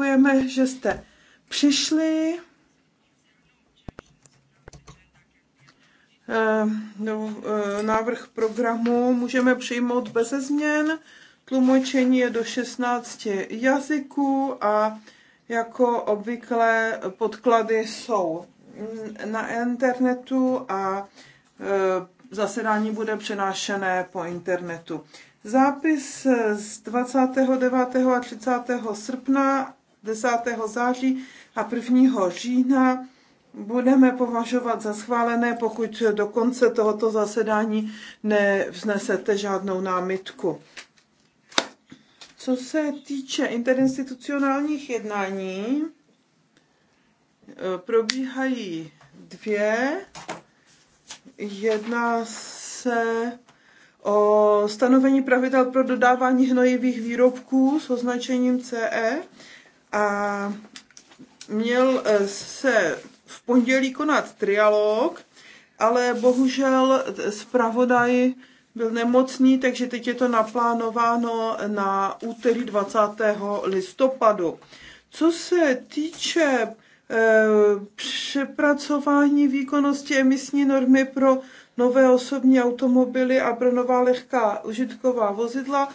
děkujeme, že jste přišli. Eh, no, eh, návrh programu můžeme přijmout bez změn. Tlumočení je do 16 jazyků a jako obvykle podklady jsou na internetu a eh, zasedání bude přenášené po internetu. Zápis z 29. a 30. srpna 10. září a 1. října budeme považovat za schválené, pokud do konce tohoto zasedání nevznesete žádnou námitku. Co se týče interinstitucionálních jednání, eh, probíhají dvě. Jedna se o stanovení pravidel pro dodávání hnojivých výrobků s označením CE a měl eh, se v pondělí konat trialog, ale bohužel eh, zpravodaj byl nemocný, takže teď je to naplánováno na úterý 20. listopadu. Co se týče eh, přepracování výkonnosti emisní normy pro nové osobní automobily a pro nová lehká užitková vozidla.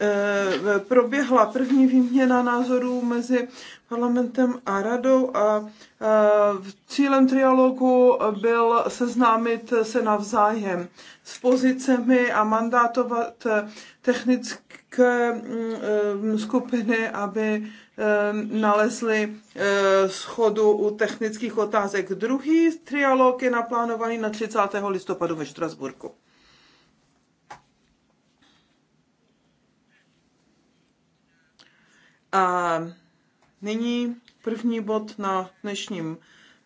Eh, proběhla první výměna názorů mezi parlamentem a radou a eh, cílem trialogu byl seznámit se navzájem s pozicemi a mandátovat technické mm, eh, skupiny, aby nalezli schodu u technických otázek. Druhý trialog je naplánovaný na 30. listopadu ve Štrasburku. A nyní první bod na dnešním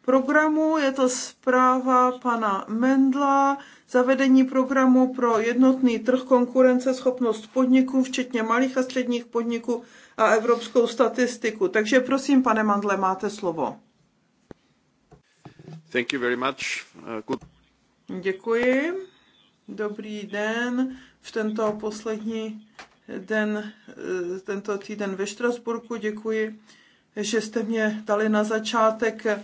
programu. Je to zpráva pana Mendla, zavedení programu pro jednotný trh konkurenceschopnost podniků, včetně malých a středních podniků a evropskou statistiku. Takže prosím, pane Mandle, máte slovo. Thank you very much. Uh, good. Děkuji. Dobrý den v tento poslední den, eh, tento týden ve Štrasburku. Děkuji, že jste mě dali na začátek, eh,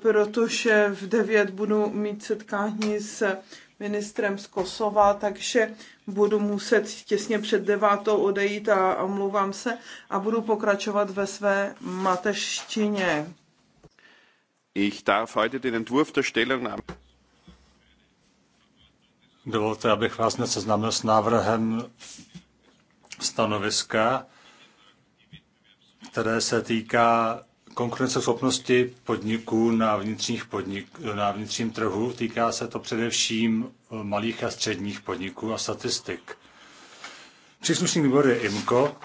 protože v 9 budu mít setkání s ministrem z Kosova, takže budu muset těsně před devátou odejít a omlouvám se a budu pokračovat ve své mateštině. Ich darf heute den Entwurf der Stellungnahme Dovolte, abych vás dnes seznámil s návrhem stanoviska, které se týká konkurenceschopnosti podniků na, vnitřních podnik, na vnitřním trhu. Týká se to především eh, malých a středních podniků a statistik. Příslušný výbor je IMCO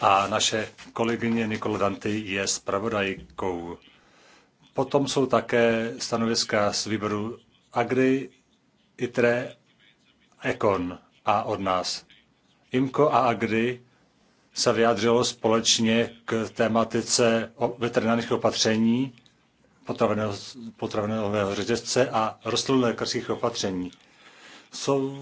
a naše kolegyně Nikola Danty je zpravodajkou. Potom jsou také stanoviska z výboru Agri, ITRE, Econ a od nás. IMCO a AGRI se vyjádřilo společně k tématice veterinárních opatření, potraveného, potraveného řetězce a rostlin lékařských opatření. Jsou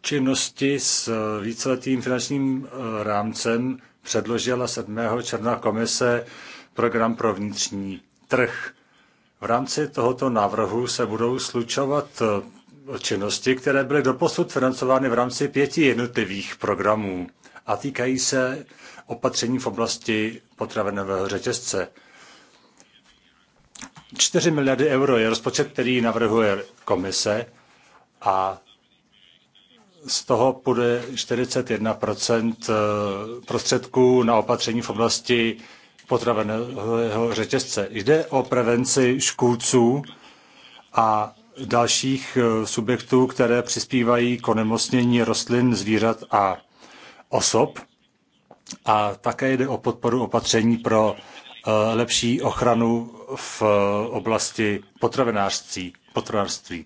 činnosti s víceletým finančním eh, rámcem předložila 7. června komise program pro vnitřní trh. V rámci tohoto návrhu se budou slučovat eh, činnosti, které byly doposud financovány v rámci pěti jednotlivých programů a týkají se opatření v oblasti potravinového řetězce. 4 miliardy euro je rozpočet, který navrhuje komise a z toho půjde 41 eh, prostředků na opatření v oblasti potravinového řetězce. Jde o prevenci škůdců a dalších eh, subjektů, které přispívají k onemocnění rostlin, zvířat a osob. A také jde o podporu opatření pro eh, lepší ochranu v eh, oblasti potravinářství. potravinářství.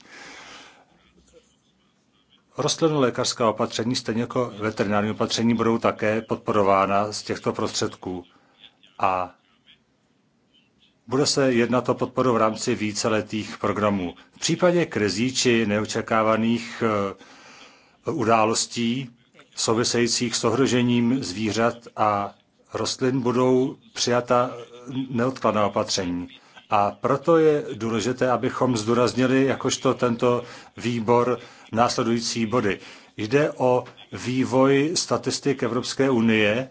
lékařská opatření, stejně jako veterinární opatření, budou také podporována z těchto prostředků. A bude se jednat o podporu v rámci víceletých programů. V případě krizí či neočekávaných eh, událostí souvisejících s ohrožením zvířat a rostlin budou přijata neodkladná opatření. A proto je důležité, abychom zdůraznili, jakožto tento výbor, následující body. Jde o vývoj statistik Evropské unie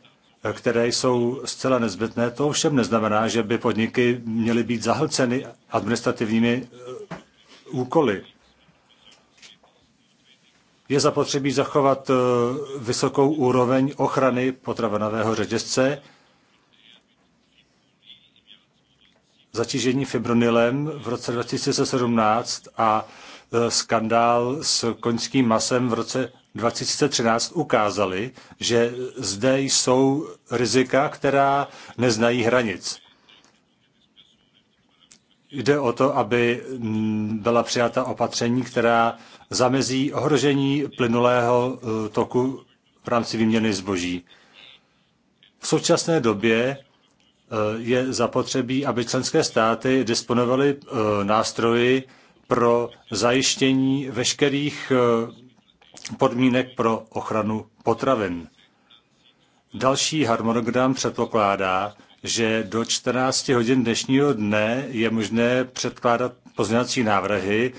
které jsou zcela nezbytné. To ovšem neznamená, že by podniky měly být zahlceny administrativními eh, úkoly. Je zapotřebí zachovat eh, vysokou úroveň ochrany potravinového řetězce. Zatížení fibronilem v roce 2017 a eh, skandál s koňským masem v roce 2013 ukázaly, že zde jsou rizika, která neznají hranic. Jde o to, aby byla přijata opatření, která zamezí ohrožení plynulého e, toku v rámci výměny zboží. V současné době e, je zapotřebí, aby členské státy disponovaly e, nástroji pro zajištění veškerých podmínek pro ochranu potravin. Další harmonogram předpokládá, že do 14 hodin dnešního dne je možné předkládat pozměňovací návrhy.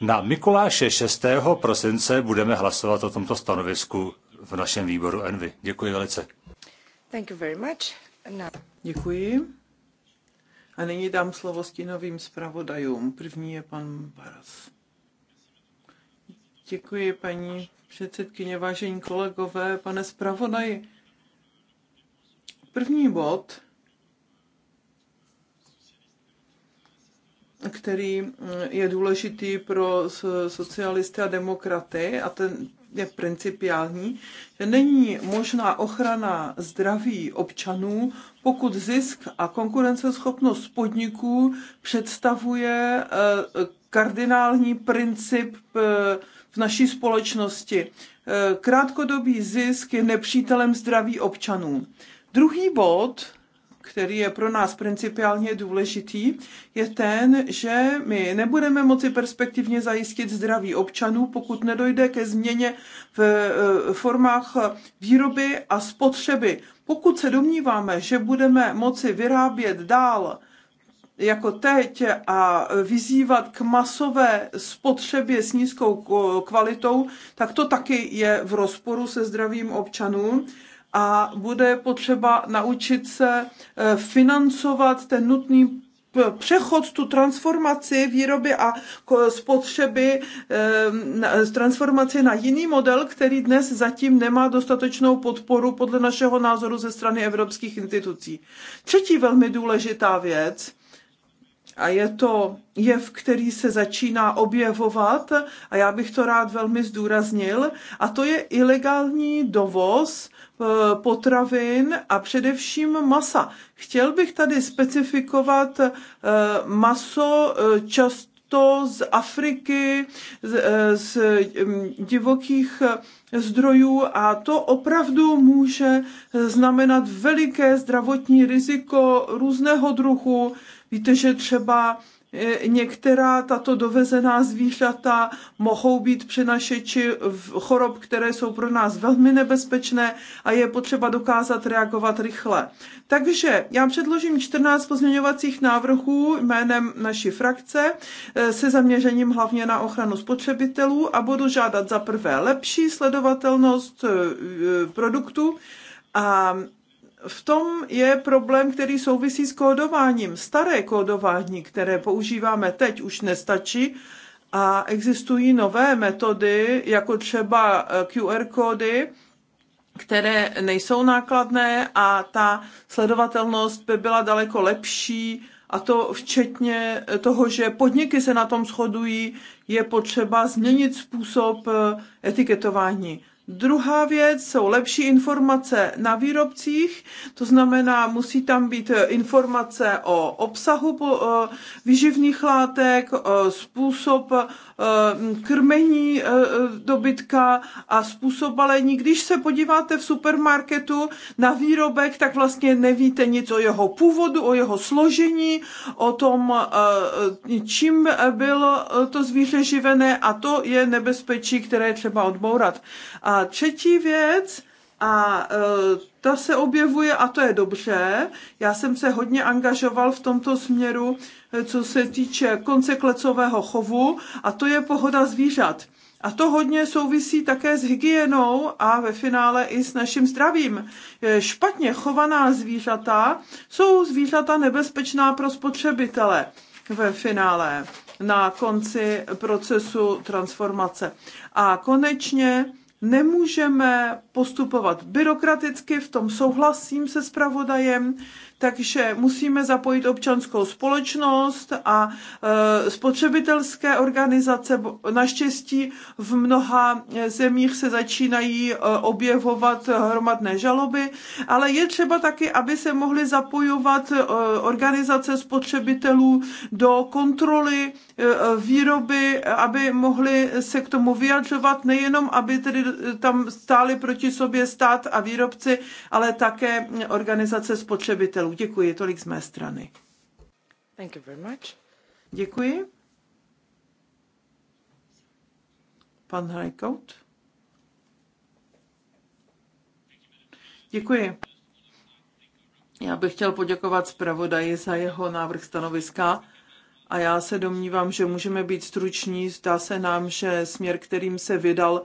Na Mikuláše 6. prosince budeme hlasovat o tomto stanovisku v našem výboru Envy. Děkuji velice. Thank you very much. No. Děkuji. A nyní dám slovo stínovým zpravodajům. První je pan Baras. Děkuji, paní předsedkyně, vážení kolegové, pane zpravodaji. První bod, který je důležitý pro socialisty a demokraty, a ten je principiální, že není možná ochrana zdraví občanů, pokud zisk a konkurenceschopnost podniků představuje eh, kardinální princip eh, v naší společnosti. E, krátkodobý zisk je nepřítelem zdraví občanů. Druhý bod, který je pro nás principiálně důležitý, je ten, že my nebudeme moci perspektivně zajistit zdraví občanů, pokud nedojde ke změně v e, formách výroby a spotřeby. Pokud se domníváme, že budeme moci vyrábět dál jako teď a vyzývat k masové spotřebě s nízkou kvalitou, tak to taky je v rozporu se zdravím občanů a bude potřeba naučit se e, financovat ten nutný přechod, tu transformaci výroby a spotřeby, e, transformaci na jiný model, který dnes zatím nemá dostatečnou podporu podle našeho názoru ze strany evropských institucí. Třetí velmi důležitá věc, a je to jev, který se začíná objevovat a já bych to rád velmi zdůraznil a to je ilegální dovoz eh, potravin a především masa. Chtěl bych tady specifikovat eh, maso eh, často to z Afriky, z, z hm, divokých zdrojů a to opravdu může znamenat veliké zdravotní riziko různého druhu, Víte, že třeba e, některá tato dovezená zvířata mohou být přenašeči chorob, které jsou pro nás velmi nebezpečné a je potřeba dokázat reagovat rychle. Takže já předložím 14 pozměňovacích návrhů jménem naší frakce e, se zaměřením hlavně na ochranu spotřebitelů a budu žádat za prvé lepší sledovatelnost e, produktu, a v tom je problém, který souvisí s kódováním. Staré kódování, které používáme teď, už nestačí a existují nové metody, jako třeba eh, QR kódy, které nejsou nákladné a ta sledovatelnost by byla daleko lepší a to včetně toho, že podniky se na tom shodují, je potřeba změnit způsob eh, etiketování. Druhá věc jsou lepší informace na výrobcích, to znamená, musí tam být eh, informace o obsahu eh, vyživných látek, eh, způsob krmení dobytka a způsob balení. Když se podíváte v supermarketu na výrobek, tak vlastně nevíte nic o jeho původu, o jeho složení, o tom, čím bylo to zvíře živené a to je nebezpečí, které je třeba odbourat. A a třetí věc, a e, ta se objevuje a to je dobře. Já jsem se hodně angažoval v tomto směru, e, co se týče konce klecového chovu a to je pohoda zvířat. A to hodně souvisí také s hygienou a ve finále i s naším zdravím. E, špatně chovaná zvířata jsou zvířata nebezpečná pro spotřebitele ve finále na konci procesu transformace. A konečně nemůžeme postupovat byrokraticky, v tom souhlasím se spravodajem, takže musíme zapojit občanskou společnost a e, spotřebitelské organizace. Naštěstí v mnoha e, zemích se začínají e, objevovat hromadné žaloby, ale je třeba taky, aby se mohly zapojovat e, organizace spotřebitelů do kontroly Eh, výroby, aby mohli se k tomu vyjadřovat, nejenom aby tedy eh, tam stáli proti sobě stát a výrobci, ale také mm, organizace spotřebitelů. Děkuji, tolik z mé strany. Thank you very much. Děkuji. Pan Hrajkout. Děkuji. Já bych chtěl poděkovat zpravodaji za jeho návrh stanoviska a já se domnívám, že můžeme být struční. Zdá se nám, že směr, kterým se vydal,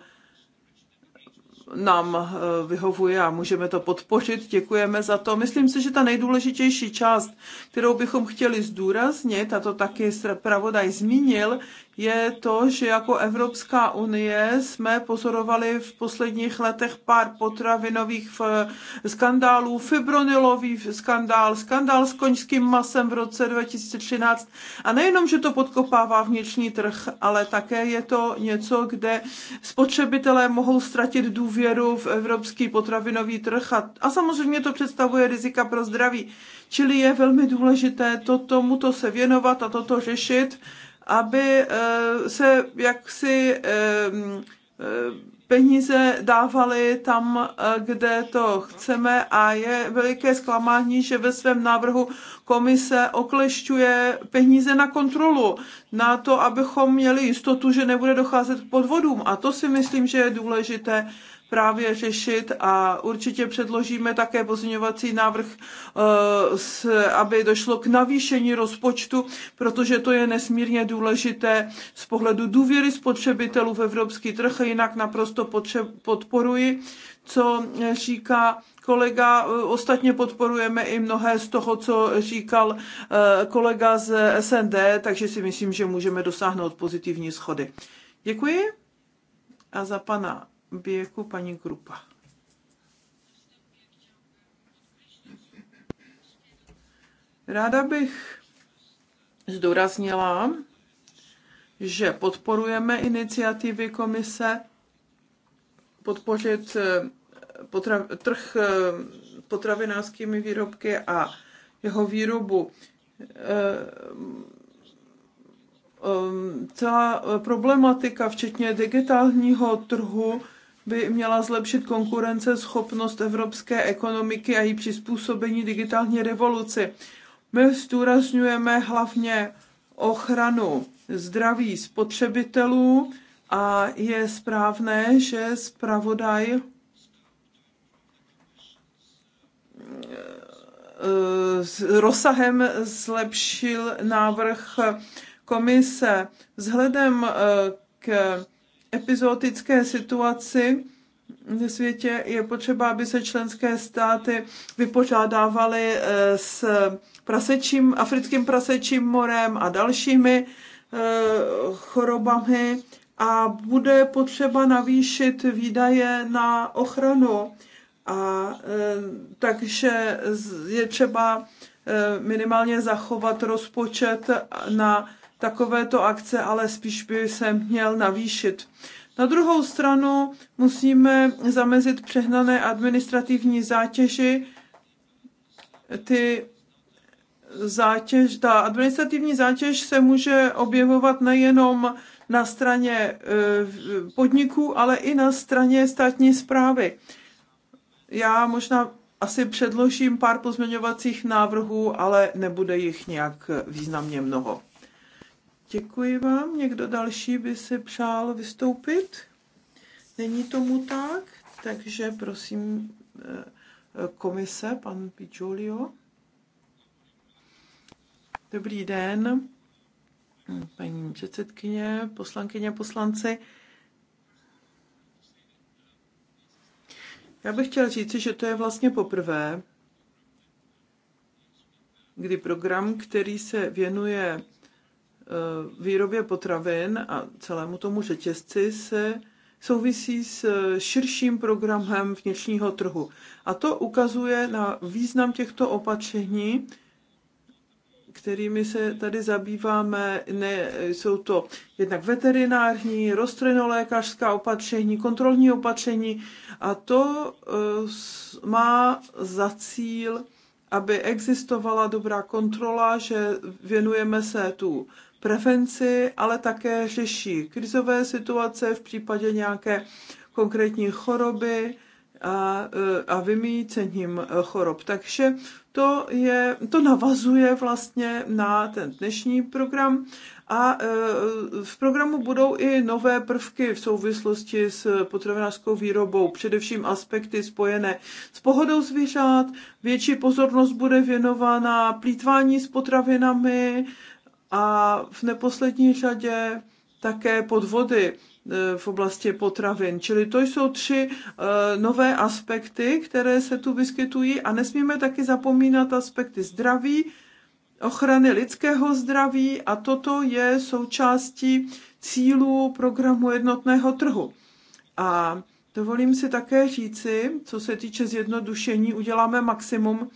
nám eh, vyhovuje a můžeme to podpořit. Děkujeme za to. Myslím si, že ta nejdůležitější část, kterou bychom chtěli zdůraznit, a to taky zpravodaj zmínil, je to, že jako Evropská unie jsme pozorovali v posledních letech pár potravinových eh, skandálů, fibronilový skandál, skandál s koňským masem v roce 2013. A nejenom, že to podkopává vnitřní trh, ale také je to něco, kde spotřebitelé mohou ztratit důvěru v evropský potravinový trh. A, a samozřejmě to představuje rizika pro zdraví. Čili je velmi důležité to, tomuto se věnovat a toto řešit aby eh, se jaksi eh, mm, eh, peníze dávaly tam, kde to chceme a je veliké zklamání, že ve svém návrhu komise oklešťuje peníze na kontrolu, na to, abychom měli jistotu, že nebude docházet k podvodům. A to si myslím, že je důležité právě řešit a určitě předložíme také pozměňovací návrh, eh, aby došlo k navýšení rozpočtu, protože to je nesmírně důležité z pohledu důvěry spotřebitelů v evropský trh, jinak naprosto podporuji, co říká kolega. Eh, ostatně podporujeme i mnohé z toho, co říkal eh, kolega z SND, takže si myslím, že můžeme dosáhnout pozitivní schody. Děkuji. A za pana Běku paní Grupa. Ráda bych zdůraznila, že podporujeme iniciativy komise podpořit eh, potra- trh eh, potravinářskými výrobky a jeho výrobu. Eh, celá problematika, včetně digitálního trhu, by měla zlepšit konkurenceschopnost evropské ekonomiky a její přizpůsobení digitální revoluci. My zdůrazňujeme hlavně ochranu zdraví spotřebitelů a je správné, že zpravodaj eh, s rozsahem zlepšil návrh komise. Vzhledem eh, k epizodické situaci ve světě je potřeba, aby se členské státy vypořádávaly eh, s prasečím, africkým prasečím morem a dalšími eh, chorobami a bude potřeba navýšit výdaje na ochranu. A eh, takže je třeba minimálně zachovat rozpočet na takovéto akce, ale spíš by se měl navýšit. Na druhou stranu musíme zamezit přehnané administrativní zátěži. Ty zátěž, ta administrativní zátěž se může objevovat nejenom na straně e, podniků, ale i na straně státní zprávy. Já možná asi předložím pár pozměňovacích návrhů, ale nebude jich nějak významně mnoho. Děkuji vám. Někdo další by si přál vystoupit? Není tomu tak, takže prosím eh, komise, pan Picciolio. Dobrý den, paní předsedkyně, poslankyně, poslanci. Já bych chtěl říci, že to je vlastně poprvé, kdy program, který se věnuje Eh, výrobě potravin a celému tomu řetězci se souvisí s eh, širším programem vnitřního trhu. A to ukazuje na význam těchto opatření, kterými se tady zabýváme. Ne, jsou to jednak veterinární, rostlinolékařská opatření, kontrolní opatření a to eh, má za cíl aby existovala dobrá kontrola, že věnujeme se tu prevenci, ale také řeší krizové situace v případě nějaké konkrétní choroby a, a vymícením chorob. Takže to, je, to navazuje vlastně na ten dnešní program a e, v programu budou i nové prvky v souvislosti s potravinářskou výrobou, především aspekty spojené s pohodou zvířat, větší pozornost bude věnována plítvání s potravinami, a v neposlední řadě také podvody e, v oblasti potravin. Čili to jsou tři e, nové aspekty, které se tu vyskytují a nesmíme taky zapomínat aspekty zdraví, ochrany lidského zdraví a toto je součástí cílů programu jednotného trhu. A dovolím si také říci, co se týče zjednodušení, uděláme maximum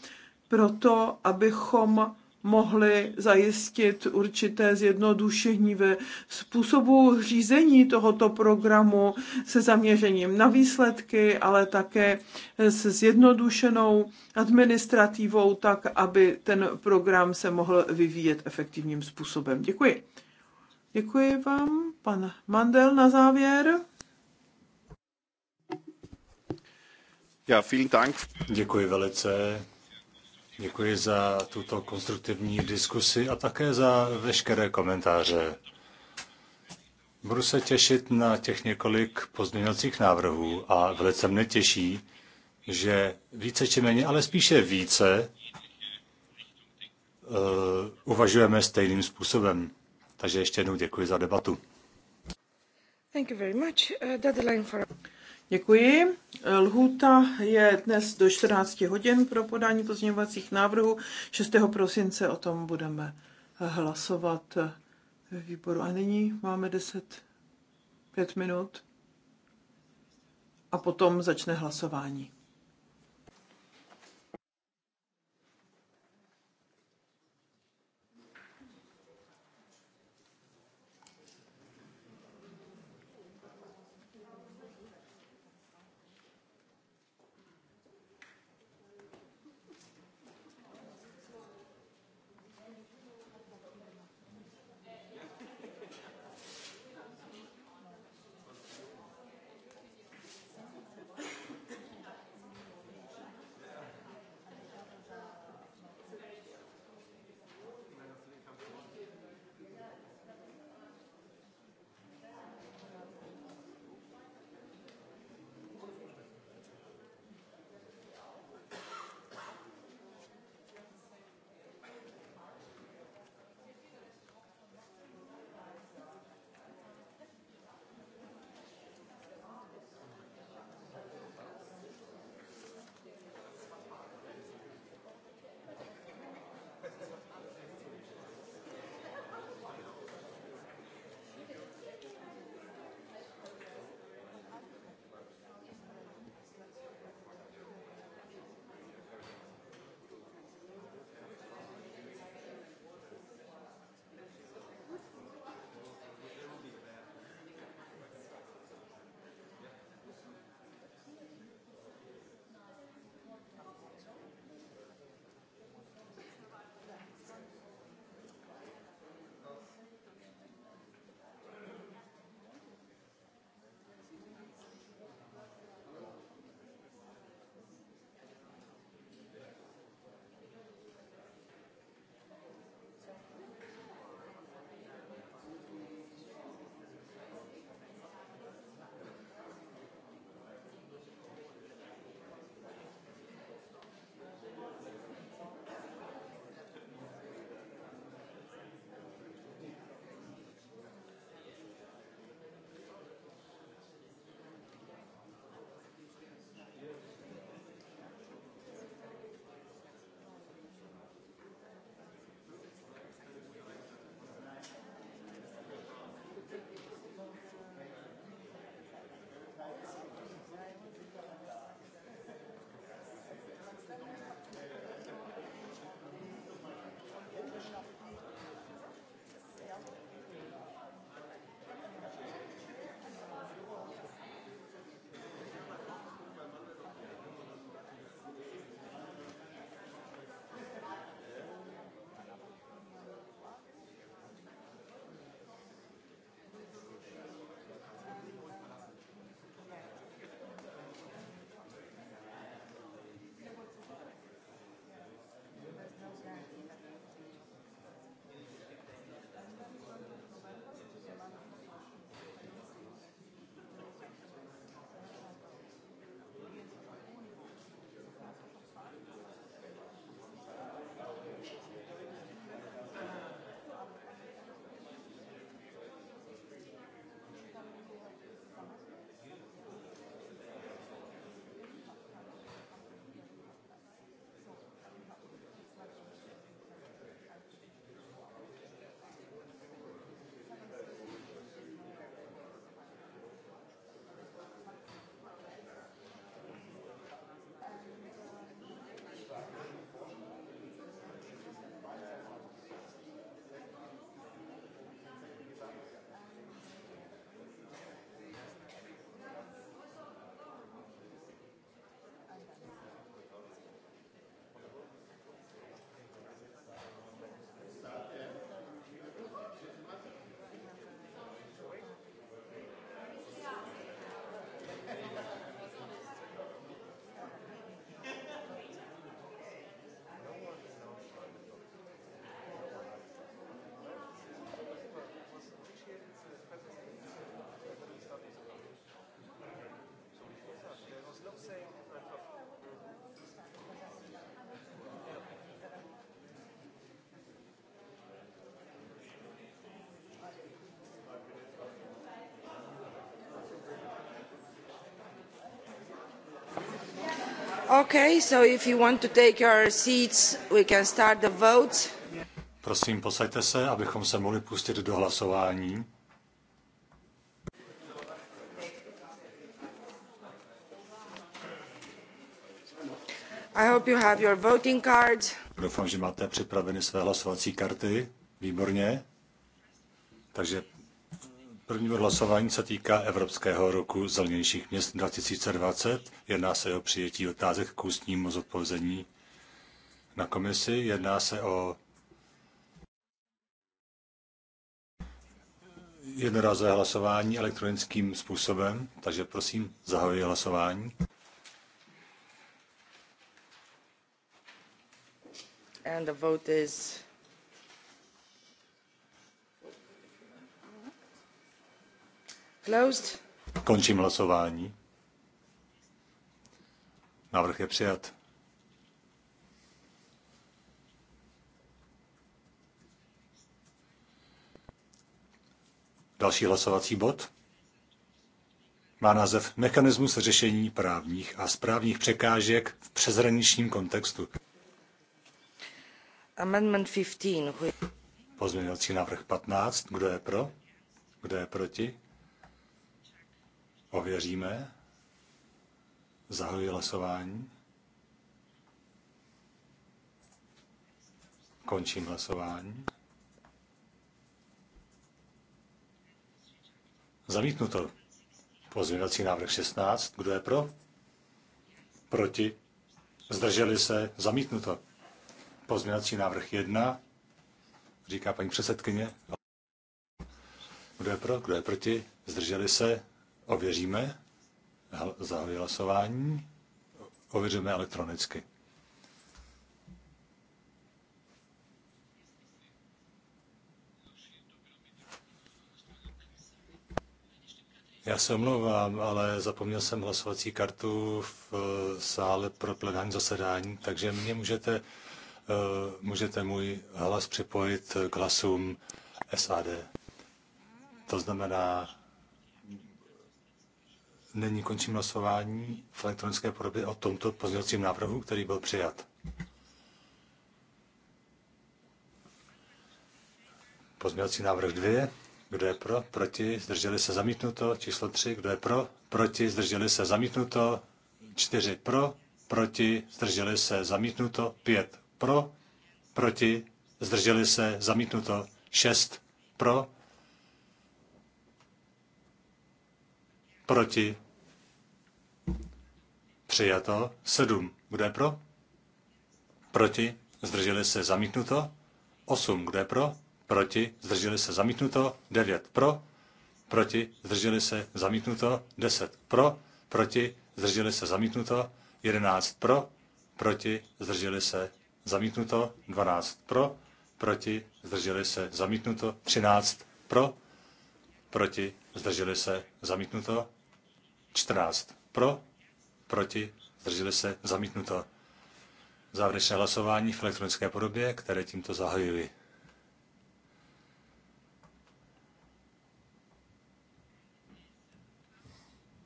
pro to, abychom mohli zajistit určité zjednodušení ve způsobu řízení tohoto programu se zaměřením na výsledky, ale také s zjednodušenou administrativou, tak aby ten program se mohl vyvíjet efektivním způsobem. Děkuji. Děkuji vám, pan Mandel, na závěr. Ja, vielen Dank. Děkuji velice Děkuji za tuto konstruktivní diskusi a také za veškeré komentáře. Budu se těšit na těch několik pozměňovacích návrhů a velice mne těší, že více či méně, ale spíše více, uh, uvažujeme stejným způsobem. Takže ještě jednou děkuji za debatu. Thank you very much. Uh, deadline for... Děkuji. Lhůta je dnes do 14 hodin pro podání pozměňovacích návrhů. 6. prosince o tom budeme hlasovat ve výboru. A nyní máme 10, 5 minut a potom začne hlasování. Okay, so if you want to take your seats, we can Prosím, posaďte se, abychom se mohli pustit do hlasování. I hope you have your voting card. Doufám, že máte připraveny své hlasovací karty. Výborně. Takže První hlasování se týká Evropského roku zelenějších měst 2020. Jedná se o přijetí otázek k ústnímu zodpovězení na komisi. Jedná se o jednorázové hlasování elektronickým způsobem, takže prosím, zahajuji hlasování. And the vote is Končím hlasování. Návrh je přijat. Další hlasovací bod má název Mechanismus řešení právních a správních překážek v přeshraničním kontextu. Amendment 15. Pozměňovací návrh 15. Kdo je pro? Kdo je proti? Ověříme. Zahajuji hlasování. Končím hlasování. zamítnu to. Pozměňovací návrh 16. Kdo je pro? Proti? Zdrželi se? Zamítnuto. Pozměňovací návrh 1. Říká paní předsedkyně. Kdo je pro? Kdo je proti? Zdrželi se? Ověříme. Zahajuji hlasování. Ověříme elektronicky. Já se omlouvám, ale zapomněl jsem hlasovací kartu v eh, sále pro plenární zasedání, takže mě můžete, eh, můžete můj hlas připojit k hlasům SAD. To znamená Nyní končím hlasování v elektronické podobě o tomto pozměňovacím návrhu, který byl přijat. Pozměňovací návrh 2. Kdo je pro? Proti? Zdrželi se zamítnuto. Číslo 3. Kdo je pro? Proti? Zdrželi se zamítnuto. 4. Pro? Proti? Zdrželi se zamítnuto. 5. Pro? Proti? Zdrželi se zamítnuto. 6. Pro? Proti? Přijato. 7. Kdo je pro? Proti. Zdrželi se. Zamítnuto. 8. Kdo je pro? Proti. Zdrželi se. Zamítnuto. 9. Pro. Proti. Zdrželi se. Zamítnuto. 10. Pro. Proti. Zdrželi se. Zamítnuto. 11. Pro. Proti. Zdrželi se. Zamítnuto. 12. Pro. Proti. Zdrželi se. Zamítnuto. 13. Pro. Proti. Zdrželi se. Zamítnuto. 14. Pro proti, zdrželi se, zamítnuto. Závěrečné hlasování v elektronické podobě, které tímto zahajuji.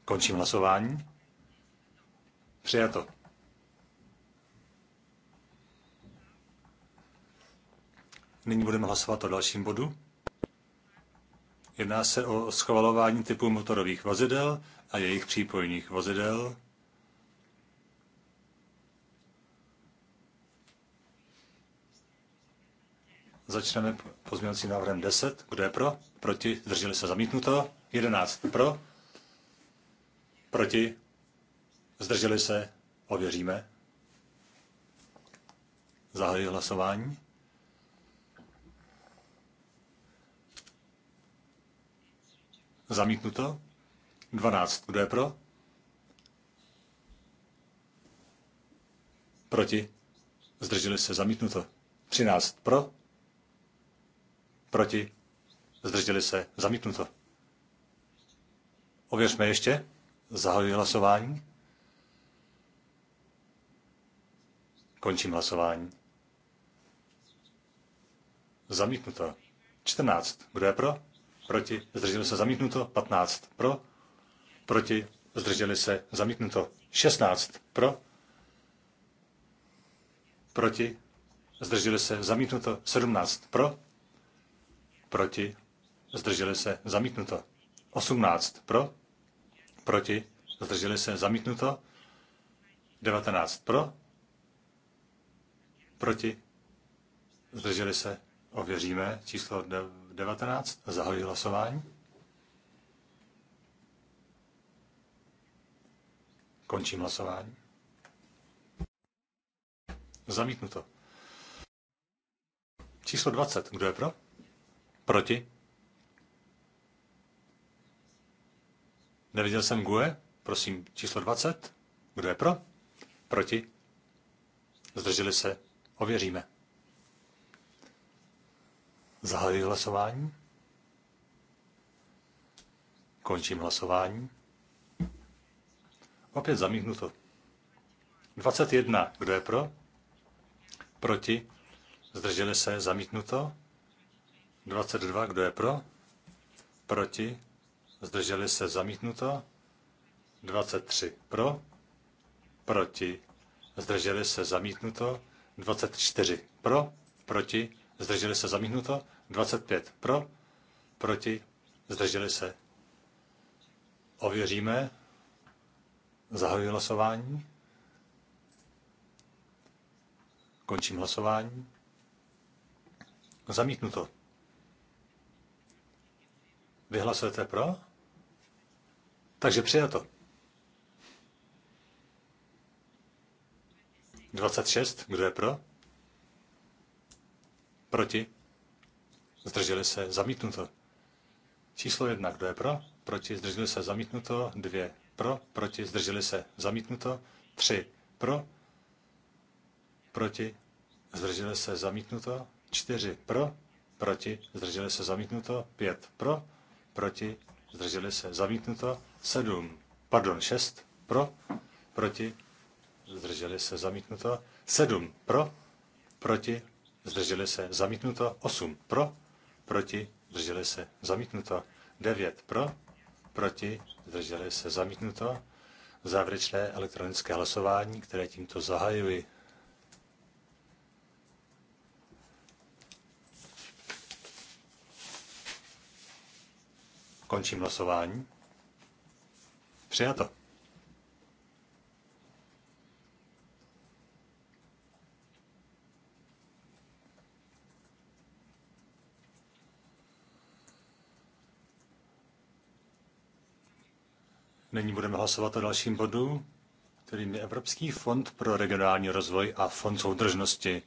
Končím hlasování. Přijato. Nyní budeme hlasovat o dalším bodu. Jedná se o schvalování typu motorových vozidel a jejich přípojných vozidel Začneme pozměňovacím návrhem 10. Kdo je pro? Proti? Zdrželi se zamítnuto. 11. Pro? Proti? Zdrželi se? Ověříme. Zahajuji hlasování. Zamítnuto. 12. Kdo je pro? Proti? Zdrželi se. Zamítnuto. 13. Pro? Proti? Zdrželi se? Zamítnuto. Ověřme ještě. Zahajuji hlasování. Končím hlasování. Zamítnuto. 14. Kdo je pro? Proti. Zdrželi se zamítnuto. 15. Pro. Proti. Zdrželi se zamítnuto. 16. Pro. Proti. Zdrželi se zamítnuto. 17. Pro proti, zdrželi se, zamítnuto. 18 pro, proti, zdrželi se, zamítnuto. 19 pro, proti, zdrželi se, ověříme číslo 19, Zahojí hlasování. Končím hlasování. Zamítnuto. Číslo 20. Kdo je pro? Proti? Neviděl jsem GUE. Prosím, číslo 20. Kdo je pro? Proti? Zdrželi se? Ověříme. Zahajuji hlasování. Končím hlasování. Opět zamítnuto. 21. Kdo je pro? Proti? Zdrželi se? Zamítnuto. 22, kdo je pro? Proti? Zdrželi se zamítnuto? 23 pro? Proti? Zdrželi se zamítnuto? 24 pro? Proti? Zdrželi se zamítnuto? 25 pro? Proti? Zdrželi se? Ověříme. Zahajuji hlasování. Končím hlasování. Zamítnuto. Vy hlasujete pro? Takže přijato. 26. Kdo je pro? Proti? Zdrželi se. Zamítnuto. Číslo 1. Kdo je pro? Proti? Zdrželi se. Zamítnuto. 2. Pro? Proti? Zdrželi se. Zamítnuto. 3. Pro? Proti? Zdrželi se. Zamítnuto. 4. Pro? Proti? Zdrželi se. Zamítnuto. 5. Pro? proti, zdrželi se, zamítnuto. Sedm. pardon, šest. pro, proti, zdrželi se, zamítnuto. Sedm. pro, proti, zdrželi se, zamítnuto. Osm. pro, proti, zdrželi se, zamítnuto. Devět. pro, proti, zdrželi se, zamítnuto. Závěrečné elektronické hlasování, které tímto zahajuji. Končím hlasování. Přijato. Nyní budeme hlasovat o dalším bodu, kterým je Evropský fond pro regionální rozvoj a fond soudržnosti.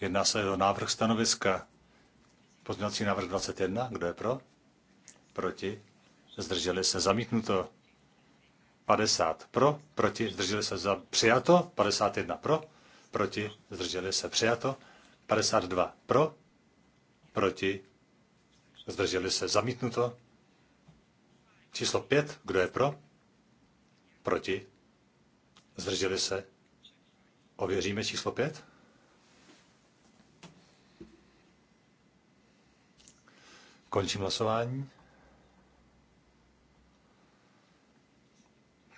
Jedná se o návrh stanoviska. Pozměňovací návrh 21. Kdo je pro? proti, zdrželi se zamítnuto. 50 pro, proti, zdrželi se za přijato, 51 pro, proti, zdrželi se přijato, 52 pro, proti, zdrželi se zamítnuto. Číslo 5, kdo je pro? Proti, zdrželi se. Ověříme číslo 5. Končím hlasování.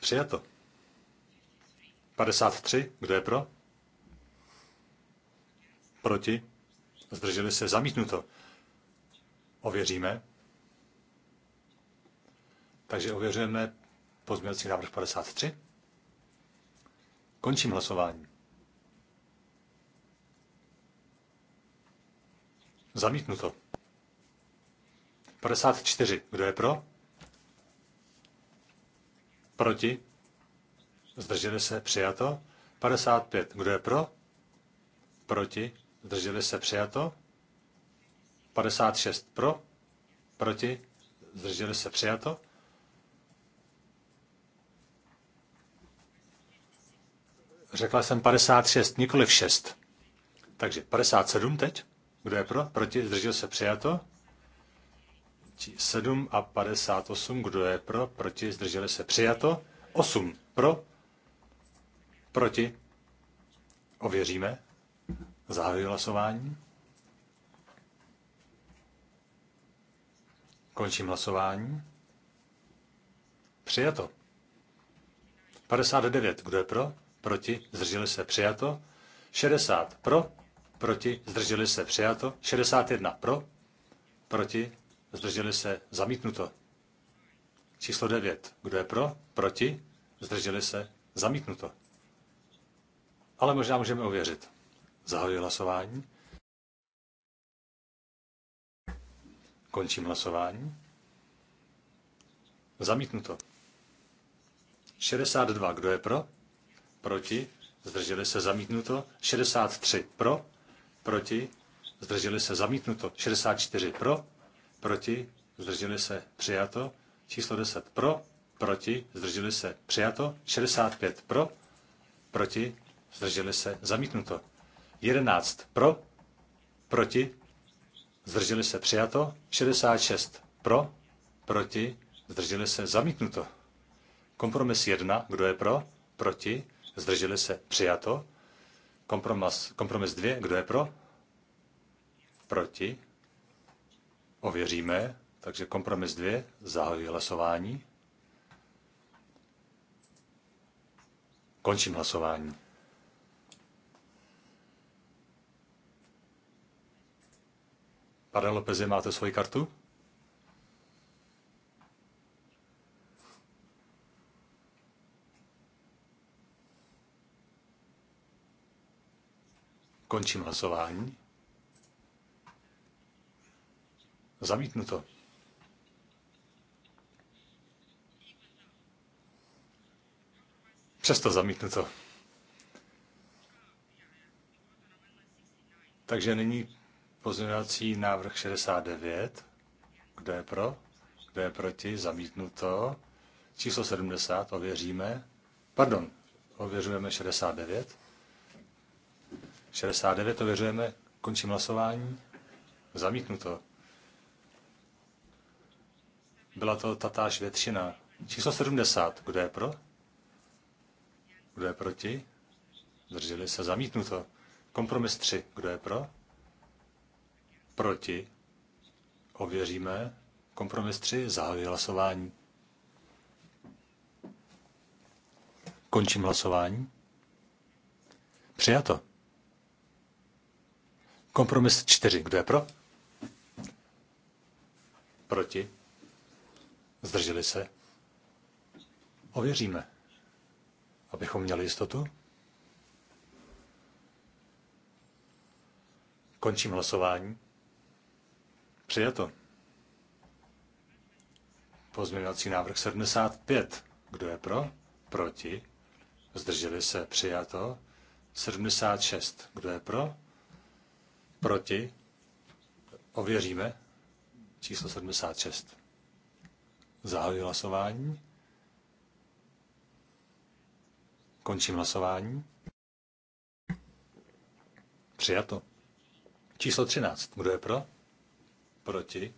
Přijato. 53. Kdo je pro? Proti? Zdrželi se? Zamítnuto. Ověříme. Takže ověřujeme pozměňovací návrh 53. Končím hlasování. Zamítnuto. 54. Kdo je pro? Proti? Zdrželi se přijato. 55. Kdo je pro? Proti? Zdrželi se přijato. 56 pro, proti, zdrželi se přijato. Řekla jsem 56, nikoli 6. Takže 57 teď. Kdo je pro? Proti, zdržel se přijato. 7 a 58. Kdo je pro? Proti? Zdrželi se? Přijato. 8 pro? Proti? Ověříme. Zahajuji hlasování. Končím hlasování. Přijato. 59. Kdo je pro? Proti? Zdrželi se? Přijato. 60. Pro? Proti? Zdrželi se? Přijato. 61. Pro? Proti? Zdrželi se? Zamítnuto. Číslo 9. Kdo je pro? Proti? Zdrželi se? Zamítnuto. Ale možná můžeme ověřit. Zahajuji hlasování. Končím hlasování. Zamítnuto. 62. Kdo je pro? Proti? Zdrželi se zamítnuto. 63. Pro? Proti? Zdrželi se zamítnuto. 64. Pro? proti, zdrželi se, přijato. Číslo 10 pro, proti, zdrželi se, přijato. 65 pro, proti, zdrželi se, zamítnuto. 11 pro, proti, zdrželi se, přijato. 66 pro, proti, zdrželi se, zamítnuto. Kompromis 1, kdo je pro, proti, zdrželi se, přijato. Kompromis, kompromis 2, kdo je pro, proti, Ověříme, takže kompromis 2, zahajuji hlasování. Končím hlasování. Pane Lopezi, máte svoji kartu? Končím hlasování. Zamítnuto. Přesto zamítnuto. Takže nyní pozměňovací návrh 69. Kdo je pro? Kdo je proti? Zamítnuto. Číslo 70 ověříme. Pardon, ověřujeme 69. 69 ověřujeme. Končím hlasování. Zamítnuto. Byla to tatáž většina. Číslo 70. Kdo je pro? Kdo je proti? Zdrželi se zamítnuto. Kompromis 3. Kdo je pro? Proti. Ověříme. Kompromis 3. Zahajuji hlasování. Končím hlasování. Přijato. Kompromis 4. Kdo je pro? Proti. Zdrželi se? Ověříme. Abychom měli jistotu? Končím hlasování. Přijato. Pozměňovací návrh 75. Kdo je pro? Proti. Zdrželi se? Přijato. 76. Kdo je pro? Proti. Ověříme. Číslo 76. Zahajuji hlasování. Končím hlasování. Přijato. Číslo 13. Kdo je pro? Proti.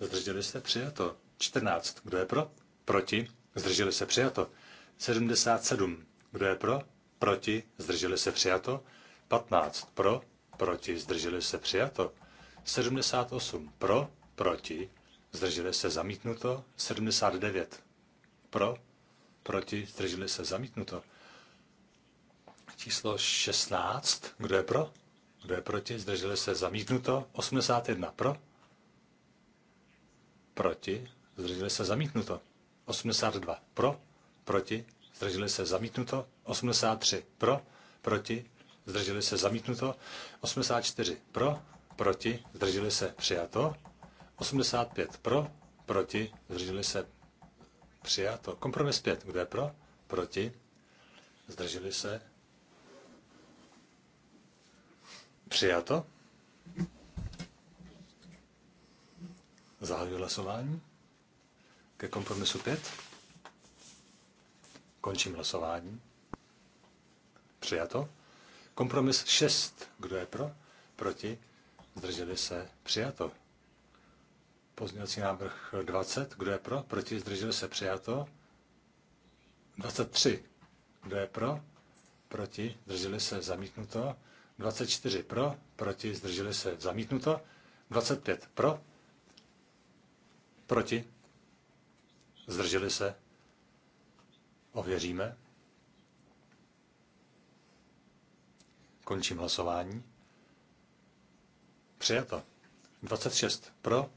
Zdrželi se? Přijato. 14. Kdo je pro? Proti. Zdrželi se? Přijato. 77. Kdo je pro? Proti. Zdrželi se? Přijato. 15. Pro. Proti. Zdrželi se? Přijato. 78. Pro. Proti zdrželi se zamítnuto, 79 pro, proti, zdrželi se zamítnuto. Číslo 16, kdo je pro? Kdo je proti? Zdrželi se zamítnuto. 81 pro. Proti. Zdrželi se zamítnuto. 82 pro. Proti. Zdrželi se zamítnuto. 83 pro. Proti. Zdrželi se zamítnuto. 84 pro. Proti. Zdrželi se přijato. 85 pro, proti, zdrželi se, přijato. Kompromis 5, kdo je pro, proti, zdrželi se, přijato. Zahajuji hlasování ke kompromisu 5. Končím hlasování. Přijato. Kompromis 6. Kdo je pro? Proti? Zdrželi se? Přijato. Pozměňovací návrh 20. Kdo je pro? Proti? Zdržel se? Přijato. 23. Kdo je pro? Proti? Zdrželi se? Zamítnuto. 24 pro, proti, zdrželi se, zamítnuto. 25 pro, proti, zdrželi se, ověříme. Končím hlasování. Přijato. 26 pro,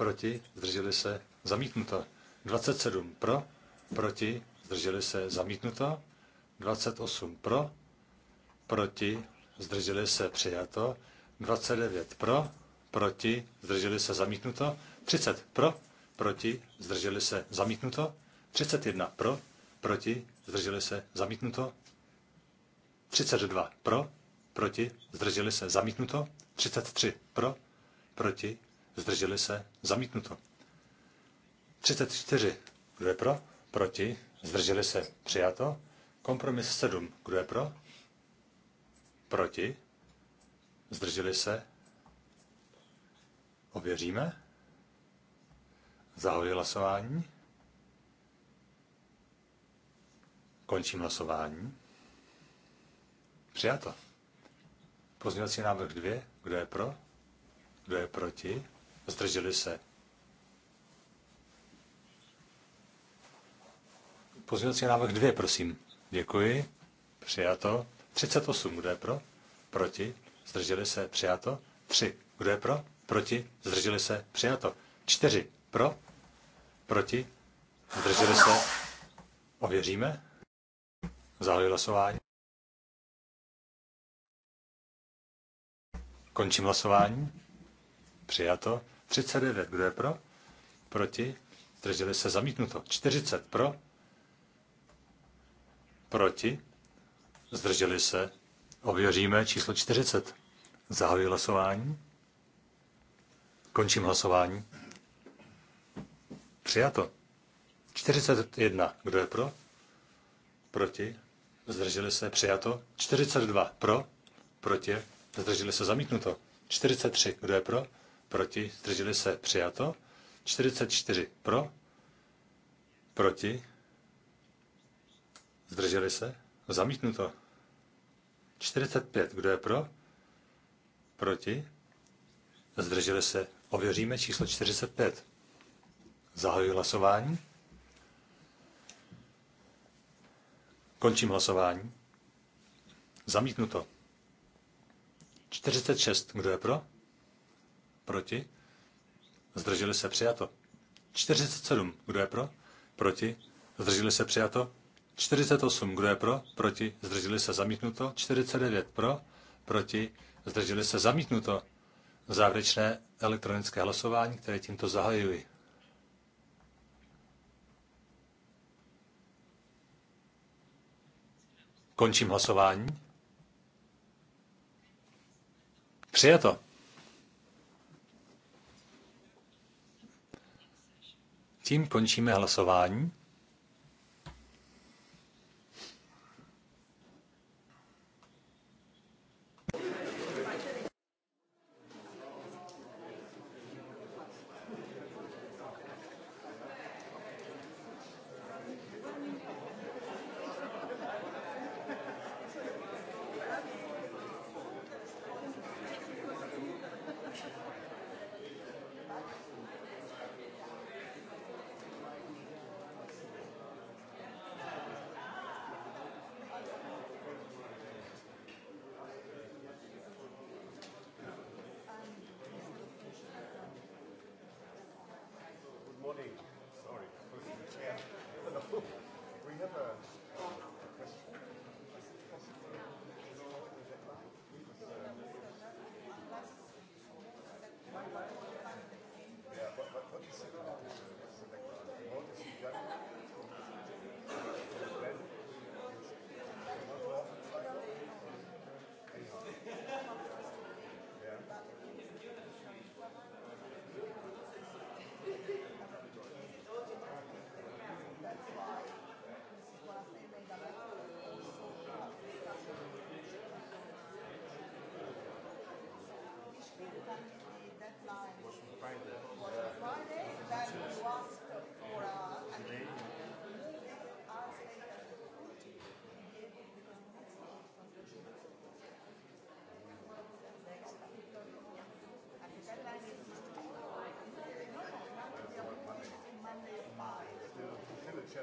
proti, zdrželi se, zamítnuto. 27 pro, proti, zdrželi se, zamítnuto. 28 pro, proti, zdrželi se, přijato. 29 pro, proti, zdrželi se, zamítnuto. 30 pro, proti, zdrželi se, zamítnuto. 31 pro, proti, zdrželi se, zamítnuto. 32 pro, proti, zdrželi se, zamítnuto. 33 pro, proti, zdrželi se, zamítnuto. 34. Kdo je pro? Proti, zdrželi se, přijato. Kompromis 7. Kdo je pro? Proti, zdrželi se, ověříme. Zahoji hlasování. Končím hlasování. Přijato. Pozměňovací návrh 2. Kdo je pro? Kdo je proti? Zdrželi se. Pozvědací návrh dvě, prosím. Děkuji. Přijato. 38, kdo je pro? Proti. Zdrželi se. Přijato. 3, kdo je pro? Proti. Zdrželi se. Přijato. 4, pro? Proti. Zdrželi se. Ověříme. Zahajuji hlasování. Končím hlasování. Přijato. 39. Kdo je pro? Proti? Zdrželi se zamítnuto. 40. Pro? Proti? Zdrželi se. Ověříme číslo 40. Zahajuji hlasování. Končím hlasování. Přijato. 41. Kdo je pro? Proti? Zdrželi se. Přijato. 42. Pro? Proti? Zdrželi se. Zamítnuto. 43. Kdo je pro? proti, zdrželi se, přijato. 44 pro, proti, zdrželi se, zamítnuto. 45, kdo je pro, proti, zdrželi se, ověříme číslo 45. Zahajuji hlasování. Končím hlasování. Zamítnuto. 46, kdo je pro? Proti? Zdrželi se přijato. 47. Kdo je pro? Proti? Zdrželi se přijato. 48. Kdo je pro? Proti? Zdrželi se zamítnuto. 49. Pro? Proti? Zdrželi se zamítnuto. Závěrečné elektronické hlasování, které tímto zahajuji. Končím hlasování. Přijato. Tím končíme hlasování.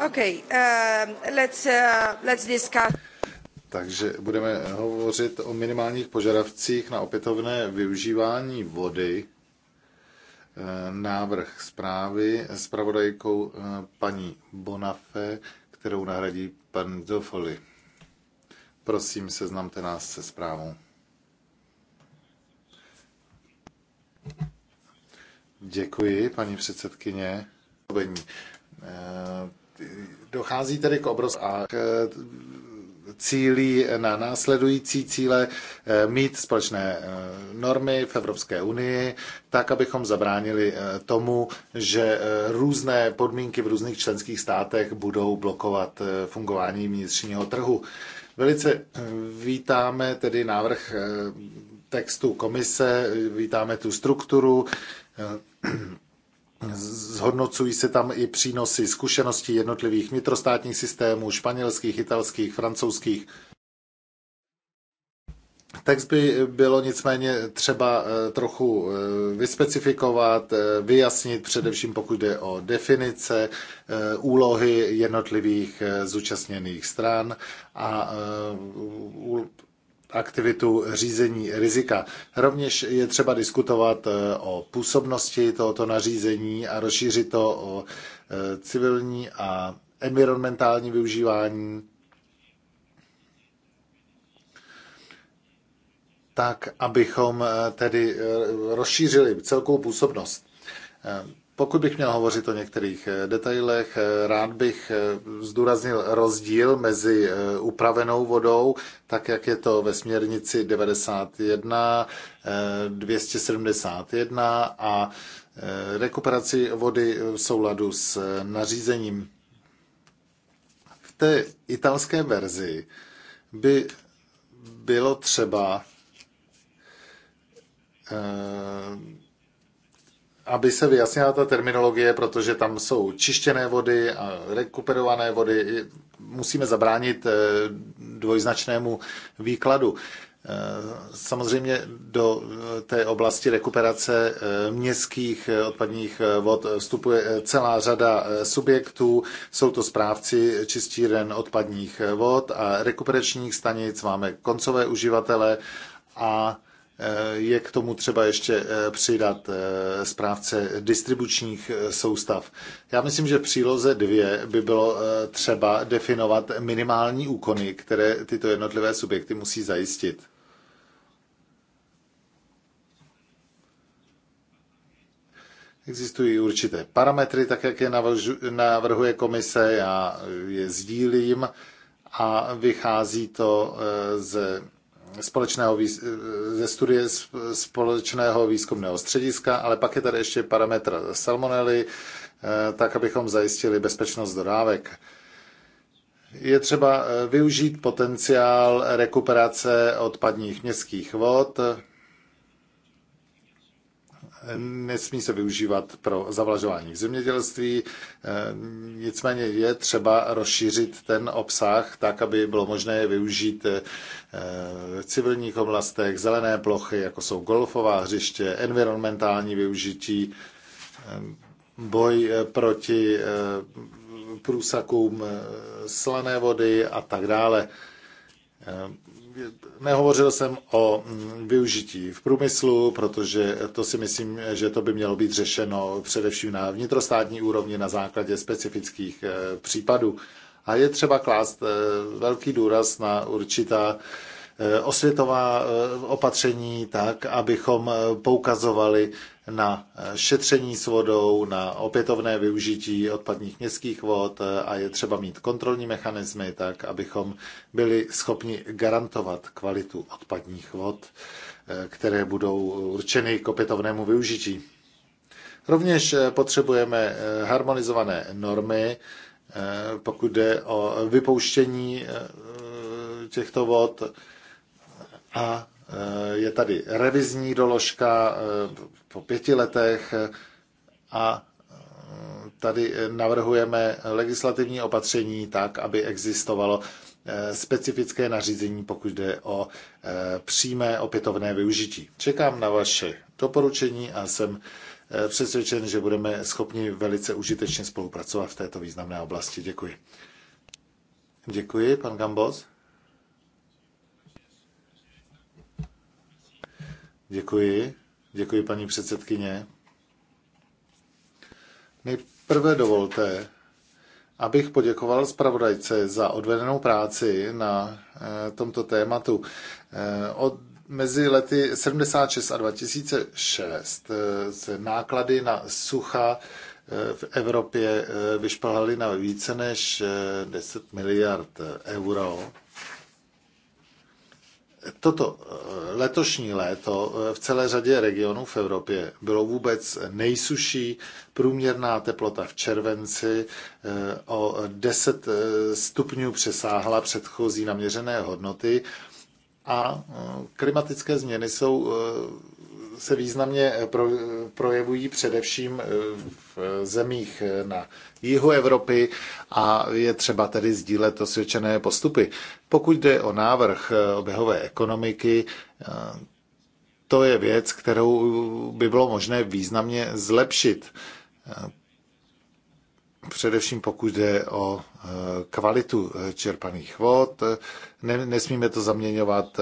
Um, uh, Takže budeme hovořit o minimálních požadavcích na opětovné využívání vody. Eh, návrh zprávy s pravodajkou eh, paní Bonafé, kterou nahradí pan Dofoli. Prosím, seznamte nás se zprávou. Děkuji, paní předsedkyně. Eh, Dochází tedy k obrovské a k eh, cílí na následující cíle eh, mít společné eh, normy v Evropské unii, tak, abychom zabránili tomu, že různé podmínky v různých členských státech budou blokovat fungování vnitřního trhu. Velice vítáme tedy návrh textu komise, vítáme tu strukturu, Hmm. Zhodnocují se tam i přínosy zkušeností jednotlivých vnitrostátních systémů, španělských, italských, francouzských. Text by bylo nicméně třeba eh, trochu eh, vyspecifikovat, eh, vyjasnit, především pokud jde o definice, úlohy jednotlivých zúčastněných stran a aktivitu řízení rizika. Rovněž je třeba diskutovat eh, o působnosti tohoto nařízení a rozšířit to o eh, civilní a environmentální využívání, tak abychom eh, tedy rozšířili celkovou působnost. Pokud bych měl hovořit o některých eh, detailech, eh, rád bych eh, zdůraznil rozdíl mezi upravenou vodou, tak jak je to ve směrnici 91, 271 a rekuperaci vody v souladu s nařízením. V té italské verzi by bylo třeba aby se vyjasnila ta terminologie, protože tam jsou čištěné vody a rekuperované vody. Musíme zabránit eh, dvojznačnému výkladu. Eh, samozřejmě do eh, té oblasti rekuperace městských odpadních vod vstupuje celá řada subjektů. Jsou to správci čistíren odpadních vod a rekuperačních stanic, máme koncové uživatele a je k tomu třeba ještě eh, přidat eh, správce distribučních eh, soustav. Já myslím, že v příloze 2 by bylo třeba definovat minimální úkony, které tyto jednotlivé subjekty musí zajistit. Existují určité parametry, tak jak je navrhuje komise, já je sdílím a vychází to ze společného ze studie společného výzkumného střediska, ale pak je tady ještě parametr salmonely, eh, tak abychom zajistili bezpečnost dodávek. Je třeba eh, využít potenciál rekuperace odpadních městských vod, nesmí se využívat pro zavlažování v zemědělství, e, nicméně je třeba rozšířit ten obsah tak, aby bylo možné je využít e, v civilních oblastech, zelené plochy, jako jsou golfová hřiště, environmentální využití, e, boj proti průsakům slané vody a tak dále nehovořil jsem o mm, využití v průmyslu, protože to si myslím, že to by mělo být řešeno především na vnitrostátní úrovni na základě specifických eh, případů. A je třeba klást eh, velký důraz na určitá eh, osvětová opatření tak, abychom poukazovali na eh, šetření s vodou, na opětovné využití odpadních městských vod eh, a je třeba mít kontrolní mechanismy tak, abychom byli schopni garantovat kvalitu odpadních vod, eh, které budou určeny k opětovnému využití. Rovněž potřebujeme harmonizované normy, pokud jde o vypouštění těchto vod a Eh, je tady revizní doložka eh, po pěti letech eh, a tady navrhujeme legislativní opatření tak, aby existovalo specifické nařízení, pokud jde o přímé opětovné využití. Čekám na vaše doporučení a jsem přesvědčen, že budeme schopni velice užitečně spolupracovat v této významné oblasti. Děkuji. Děkuji, pan Gambos. Děkuji. Děkuji, paní předsedkyně. Nejprve dovolte, abych poděkoval zpravodajce za odvedenou práci na eh, tomto tématu. Eh, od mezi lety 76 a 2006 eh, se náklady na sucha v Evropě vyšplhaly na více než 10 miliard euro toto eh, letošní léto eh, v celé řadě regionů v Evropě bylo vůbec nejsuší. Průměrná teplota v červenci eh, o 10 stupňů přesáhla předchozí naměřené hodnoty a klimatické změny jsou se významně eh, eh, projevují především eh, v zemích na jihu Evropy a je třeba tedy sdílet osvědčené postupy. Pokud jde o návrh oběhové ekonomiky, to je věc, kterou by bylo možné významně zlepšit. Především pokud jde o kvalitu čerpaných vod, nesmíme to zaměňovat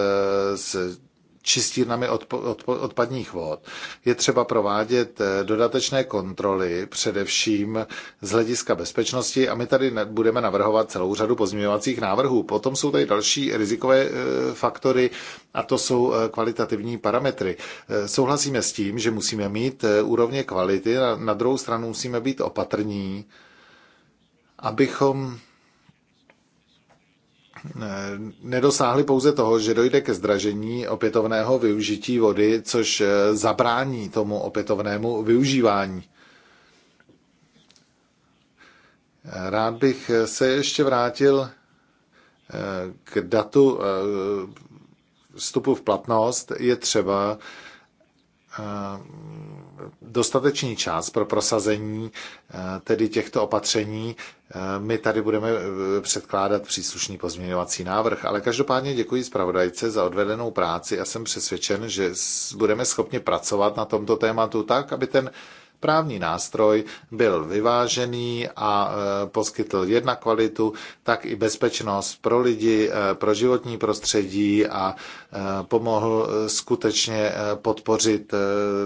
s čistírnami odpo, odpo, odpadních vod. Je třeba provádět eh, dodatečné kontroly, především z hlediska bezpečnosti a my tady budeme navrhovat celou řadu pozměňovacích návrhů. Potom jsou tady další rizikové eh, faktory a to jsou eh, kvalitativní parametry. Souhlasíme s tím, že musíme mít úrovně kvality, na druhou stranu musíme být opatrní, abychom nedosáhli pouze toho, že dojde ke zdražení opětovného využití vody, což eh, zabrání tomu opětovnému využívání. Eh, rád bych eh, se ještě vrátil k datu vstupu v platnost. Je třeba dostatečný čas pro prosazení eh, tedy těchto opatření. Eh, my tady budeme eh, předkládat příslušný pozměňovací návrh, ale každopádně děkuji zpravodajce za odvedenou práci a jsem přesvědčen, že budeme schopni pracovat na tomto tématu tak, aby ten Právní nástroj byl vyvážený a e, poskytl jedna kvalitu, tak i bezpečnost pro lidi, e, pro životní prostředí a e, pomohl skutečně podpořit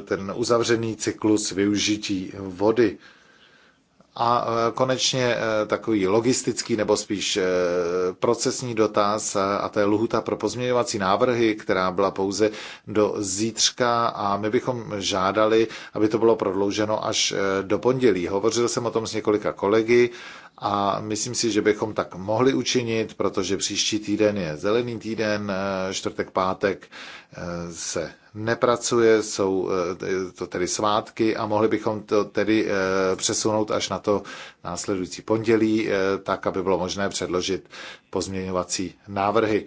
ten uzavřený cyklus využití vody. A e, konečně e, takový logistický nebo spíš e, procesní dotaz a to je lhuta pro pozměňovací návrhy, která byla pouze do zítřka a my bychom žádali, aby to bylo prodlouženo až do pondělí. Hovořil jsem o tom s několika kolegy a myslím si, že bychom tak mohli učinit, protože příští týden je zelený týden, eh, čtvrtek, pátek eh, se nepracuje, jsou eh, to tedy svátky a mohli bychom to tedy přesunout až na to následující pondělí, tak, aby bylo možné předložit pozměňovací návrhy.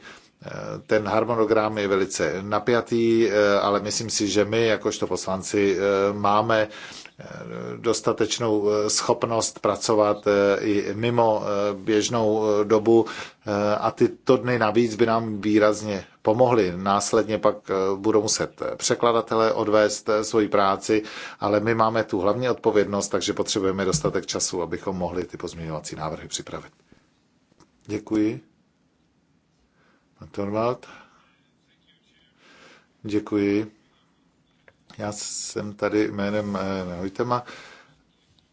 Ten harmonogram je velice napjatý, ale myslím si, že my, jakožto poslanci, máme dostatečnou eh, schopnost pracovat eh, i mimo eh, běžnou dobu a tyto dny navíc by nám výrazně pomohly. Následně pak budou muset překladatelé odvést svoji práci, ale my máme tu hlavní odpovědnost, takže potřebujeme dostatek času, abychom mohli ty pozměňovací návrhy připravit. Děkuji. Pan Torvald. Děkuji. Já jsem tady jménem eh, Nehojtema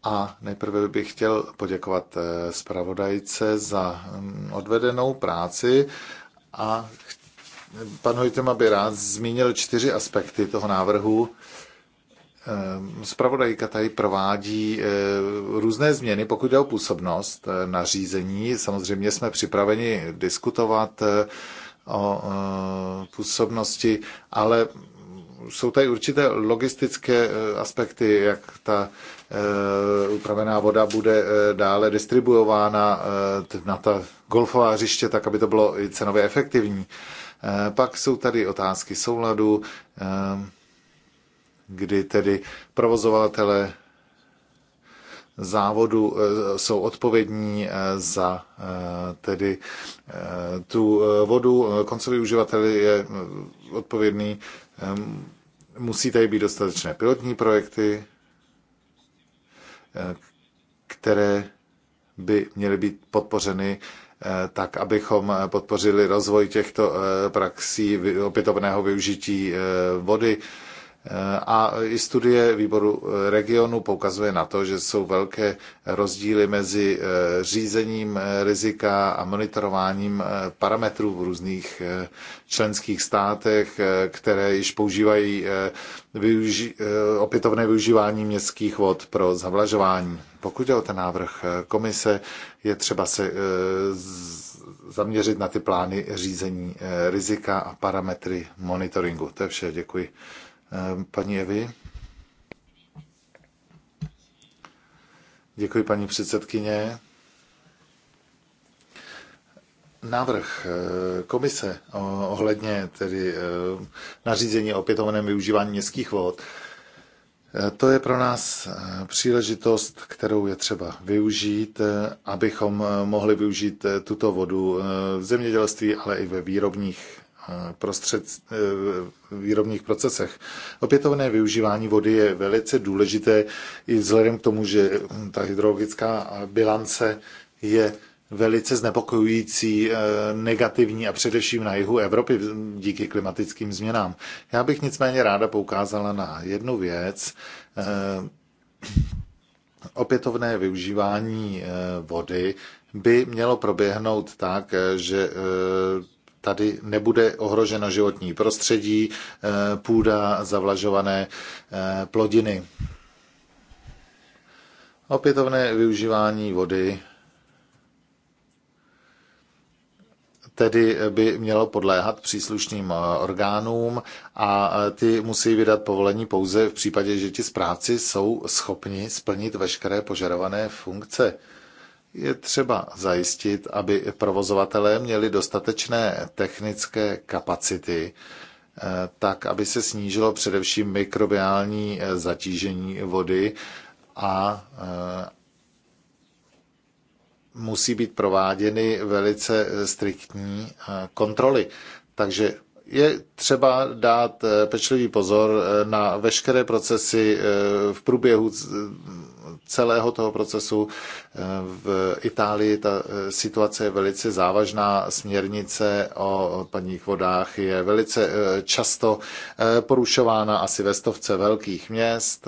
a nejprve bych chtěl poděkovat eh, zpravodajce za mm, odvedenou práci a pan Hojtema by rád zmínil čtyři aspekty toho návrhu. Spravodajka eh, tady provádí různé změny, pokud jde o působnost nařízení. Samozřejmě jsme připraveni diskutovat o působnosti, ale jsou tady určité logistické eh, aspekty, jak ta eh, upravená voda bude eh, dále distribuována na ta golfová hřiště, tak aby to bylo i cenově efektivní. Pak jsou tady otázky souladu, kdy tedy provozovatele závodu jsou odpovědní za tedy tu vodu. Koncový uživatel je odpovědný Musí tady být dostatečné pilotní projekty, eh, které by měly být podpořeny eh, tak, abychom eh, podpořili rozvoj těchto praxí opětovného využití vody a i studie výboru eh, regionu poukazuje na to, že jsou velké rozdíly mezi eh, řízením eh, rizika a monitorováním parametrů v různých členských státech, které již používají využi- opětovné využívání městských vod pro zavlažování. Pokud je o ten návrh komise, je třeba se zaměřit na ty plány řízení rizika a parametry monitoringu. To je vše, děkuji. Ehm, paní Evy. Děkuji, paní předsedkyně. Návrh eh, komise ohledně tedy eh, nařízení o opětovném využívání městských vod, eh, to je pro nás příležitost, kterou je třeba využít, abychom mohli využít tuto vodu v zemědělství, ale i ve výrobních prostřed, eh, výrobních procesech. Opětovné využívání vody je velice důležité i vzhledem k tomu, že hm, ta hydrologická bilance je velice znepokojující, eh, negativní a především na jihu Evropy hm, díky klimatickým změnám. Já bych nicméně ráda poukázala na jednu věc. Eh, opětovné využívání vody by mělo proběhnout tak, že tady nebude ohroženo životní prostředí, eh, půda, zavlažované eh, plodiny. Opětovné využívání vody tedy by mělo podléhat příslušným eh, orgánům a ty musí vydat povolení pouze v případě, že ti správci jsou schopni splnit veškeré požadované funkce. Je třeba zajistit, aby provozovatelé měli dostatečné technické kapacity, eh, tak aby se snížilo především mikrobiální eh, zatížení vody a eh, musí být prováděny velice striktní kontroly. Takže je třeba dát pečlivý pozor na veškeré procesy v průběhu celého toho procesu. Eh, v Itálii ta eh, situace je velice závažná. Směrnice o odpadních vodách je velice eh, často porušována asi ve stovce velkých měst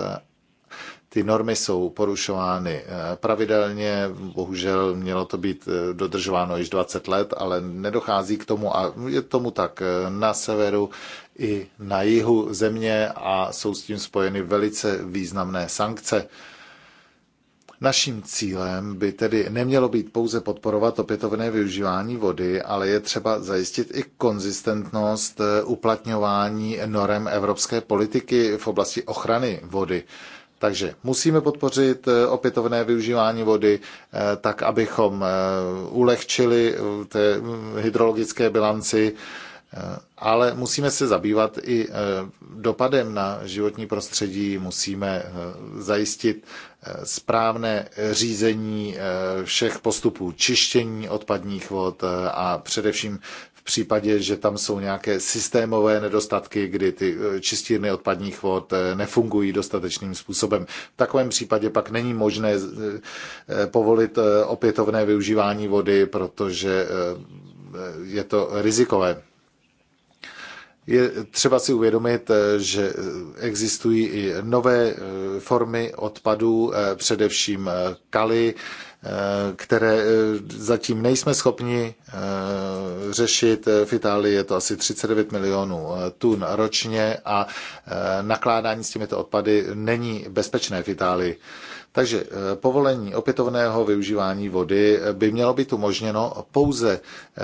ty normy jsou porušovány pravidelně, bohužel mělo to být dodržováno již 20 let, ale nedochází k tomu a je tomu tak na severu i na jihu země a jsou s tím spojeny velice významné sankce. Naším cílem by tedy nemělo být pouze podporovat opětovné využívání vody, ale je třeba zajistit i konzistentnost eh, uplatňování norem evropské politiky v oblasti ochrany vody. Takže musíme podpořit eh, opětovné využívání vody eh, tak, abychom ulehčili té hm, hydrologické bilanci Eh, ale musíme se zabývat i eh, dopadem na životní prostředí, musíme eh, zajistit správné řízení všech postupů čištění odpadních vod a především v případě, že tam jsou nějaké systémové nedostatky, kdy ty čistírny odpadních vod nefungují dostatečným způsobem. V takovém případě pak není možné povolit opětovné využívání vody, protože je to rizikové. Je třeba si uvědomit, eh, že eh, existují i nové eh, formy odpadů, především kaly, které zatím nejsme schopni řešit. V Itálii je to asi 39 milionů tun ročně a nakládání s těmito odpady není bezpečné v Itálii. Takže eh, povolení opětovného využívání vody eh, by mělo být umožněno pouze eh,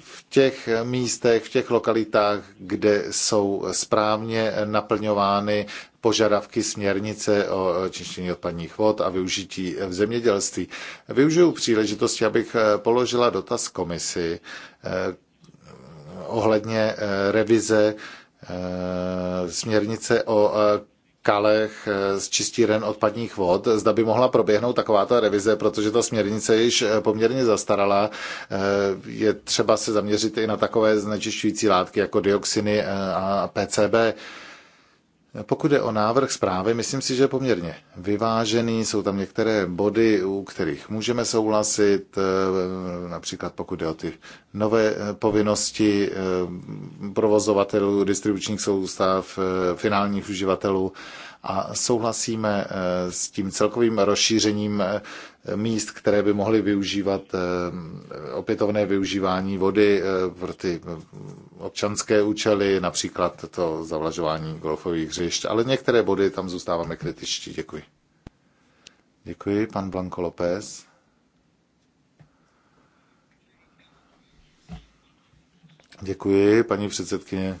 v těch místech, v těch lokalitách, kde jsou správně naplňovány požadavky směrnice o čištění odpadních vod a využití v zemědělství. Využiju příležitosti, abych položila dotaz komisi ohledně revize směrnice o kalech eh, z čistíren odpadních vod. Zda by mohla proběhnout takováto revize, protože ta směrnice již eh, poměrně zastarala. Eh, je třeba se zaměřit i na takové znečišťující látky jako dioxiny a PCB. Pokud je o návrh zprávy, myslím si, že je poměrně vyvážený. Jsou tam některé body, u kterých můžeme souhlasit, eh, například pokud je o ty nové eh, povinnosti eh, provozovatelů distribučních soustav, finálních uživatelů a souhlasíme eh, s tím celkovým rozšířením eh, míst, které by mohly využívat eh, opětovné využívání vody pro ty občanské účely, například to zavlažování golfových hřišť, ale některé body tam zůstáváme kritičtí. Děkuji. Děkuji, pan Blanco López. Děkuji, paní předsedkyně.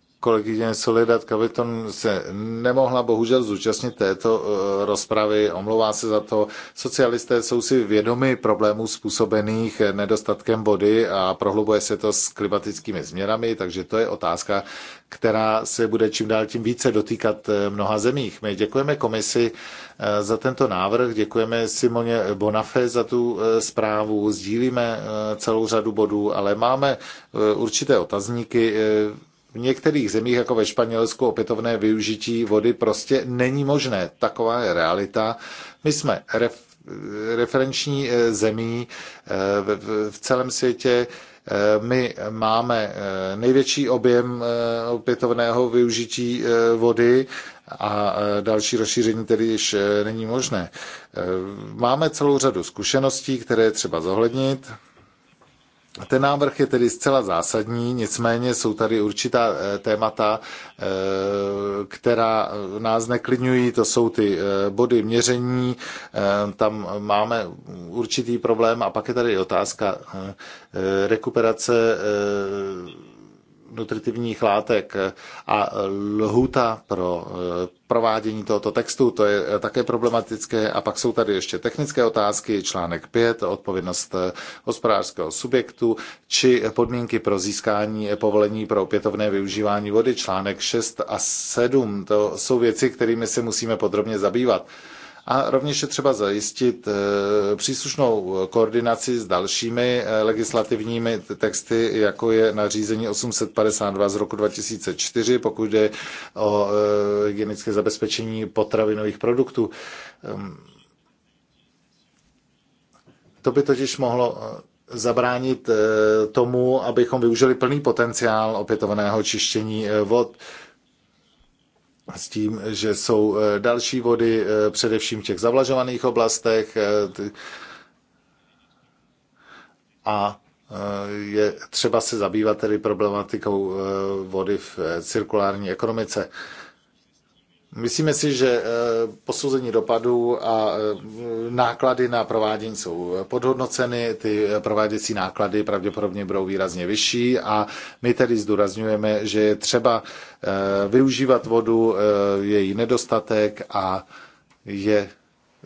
Kolegyně Soledad Kaviton se nemohla bohužel zúčastnit této eh, rozpravy, omlouvá se za to. Socialisté jsou si vědomi problémů způsobených eh, nedostatkem vody a prohlubuje se to s klimatickými změnami, takže to je otázka, která se bude čím dál tím více dotýkat eh, mnoha zemích. My děkujeme komisi za tento návrh, děkujeme Simoně Bonafé za tu zprávu, sdílíme celou řadu bodů, ale máme určité otazníky v některých zemích, jako ve Španělsku, opětovné využití vody prostě není možné. Taková je realita. My jsme ref, referenční eh, zemí eh, v, v celém světě. Eh, my máme největší objem opětovného využití vody a další rozšíření tedy již není možné. Máme celou řadu zkušeností, které třeba zohlednit. Ten návrh je tedy zcela zásadní, nicméně jsou tady určitá eh, témata, eh, která nás neklidňují, to jsou ty eh, body měření, tam máme určitý problém a pak je tady otázka rekuperace nutritivních látek a lhuta pro eh, provádění tohoto textu, to je eh, také problematické. A pak jsou tady ještě technické otázky, článek 5, odpovědnost eh, hospodářského subjektu, či podmínky pro získání povolení pro opětovné využívání vody, článek 6 a 7. To jsou věci, kterými se musíme podrobně zabývat a rovněž je třeba zajistit eh, příslušnou koordinaci s dalšími eh, legislativními texty, jako je nařízení 852 z roku 2004, pokud jde o eh, hygienické zabezpečení potravinových produktů. Ehm, to by totiž mohlo zabránit tomu, abychom využili plný potenciál opětovného čištění vod s tím, že jsou eh, další vody, eh, především v těch zavlažovaných oblastech. Eh, a je třeba se zabývat tedy problematikou vody v cirkulární ekonomice. Myslíme si, že eh, posouzení dopadů a eh, náklady na provádění jsou podhodnoceny, ty eh, prováděcí náklady pravděpodobně budou výrazně vyšší a my tedy zdůrazňujeme, že je třeba využívat vodu, její nedostatek a je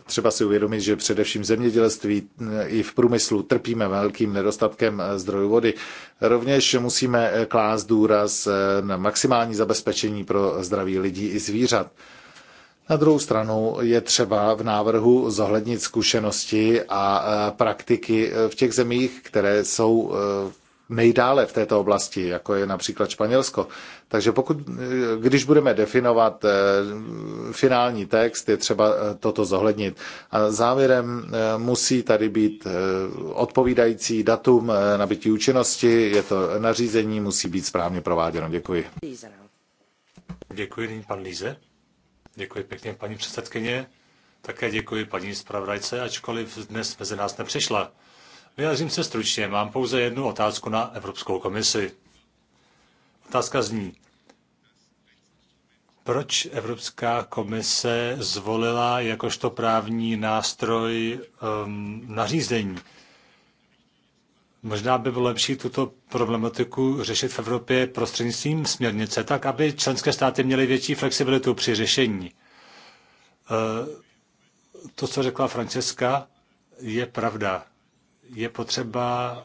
Třeba si uvědomit, že především v zemědělství eh, i v průmyslu trpíme velkým nedostatkem eh, zdrojů vody. Rovněž musíme eh, klást důraz na maximální zabezpečení pro zdraví lidí i zvířat. Na druhou stranu je třeba v návrhu zohlednit zkušenosti a praktiky v těch zemích, které jsou nejdále v této oblasti, jako je například Španělsko. Takže pokud, když budeme definovat eh, finální text, je třeba eh, toto zohlednit. A závěrem eh, musí tady být odpovídající datum nabití účinnosti, je to nařízení, musí být správně prováděno. Děkuji. Děkuji, pan Líze. Děkuji pěkně, paní předsedkyně. Také děkuji paní zpravodajce, ačkoliv dnes mezi nás nepřišla. Vyjádřím se stručně, mám pouze jednu otázku na Evropskou komisi. Otázka zní, proč Evropská komise zvolila jakožto právní nástroj um, nařízení? Možná by bylo lepší tuto problematiku řešit v Evropě prostřednictvím směrnice, tak aby členské státy měly větší flexibilitu při řešení. Uh, to, co řekla Francesca, je pravda je potřeba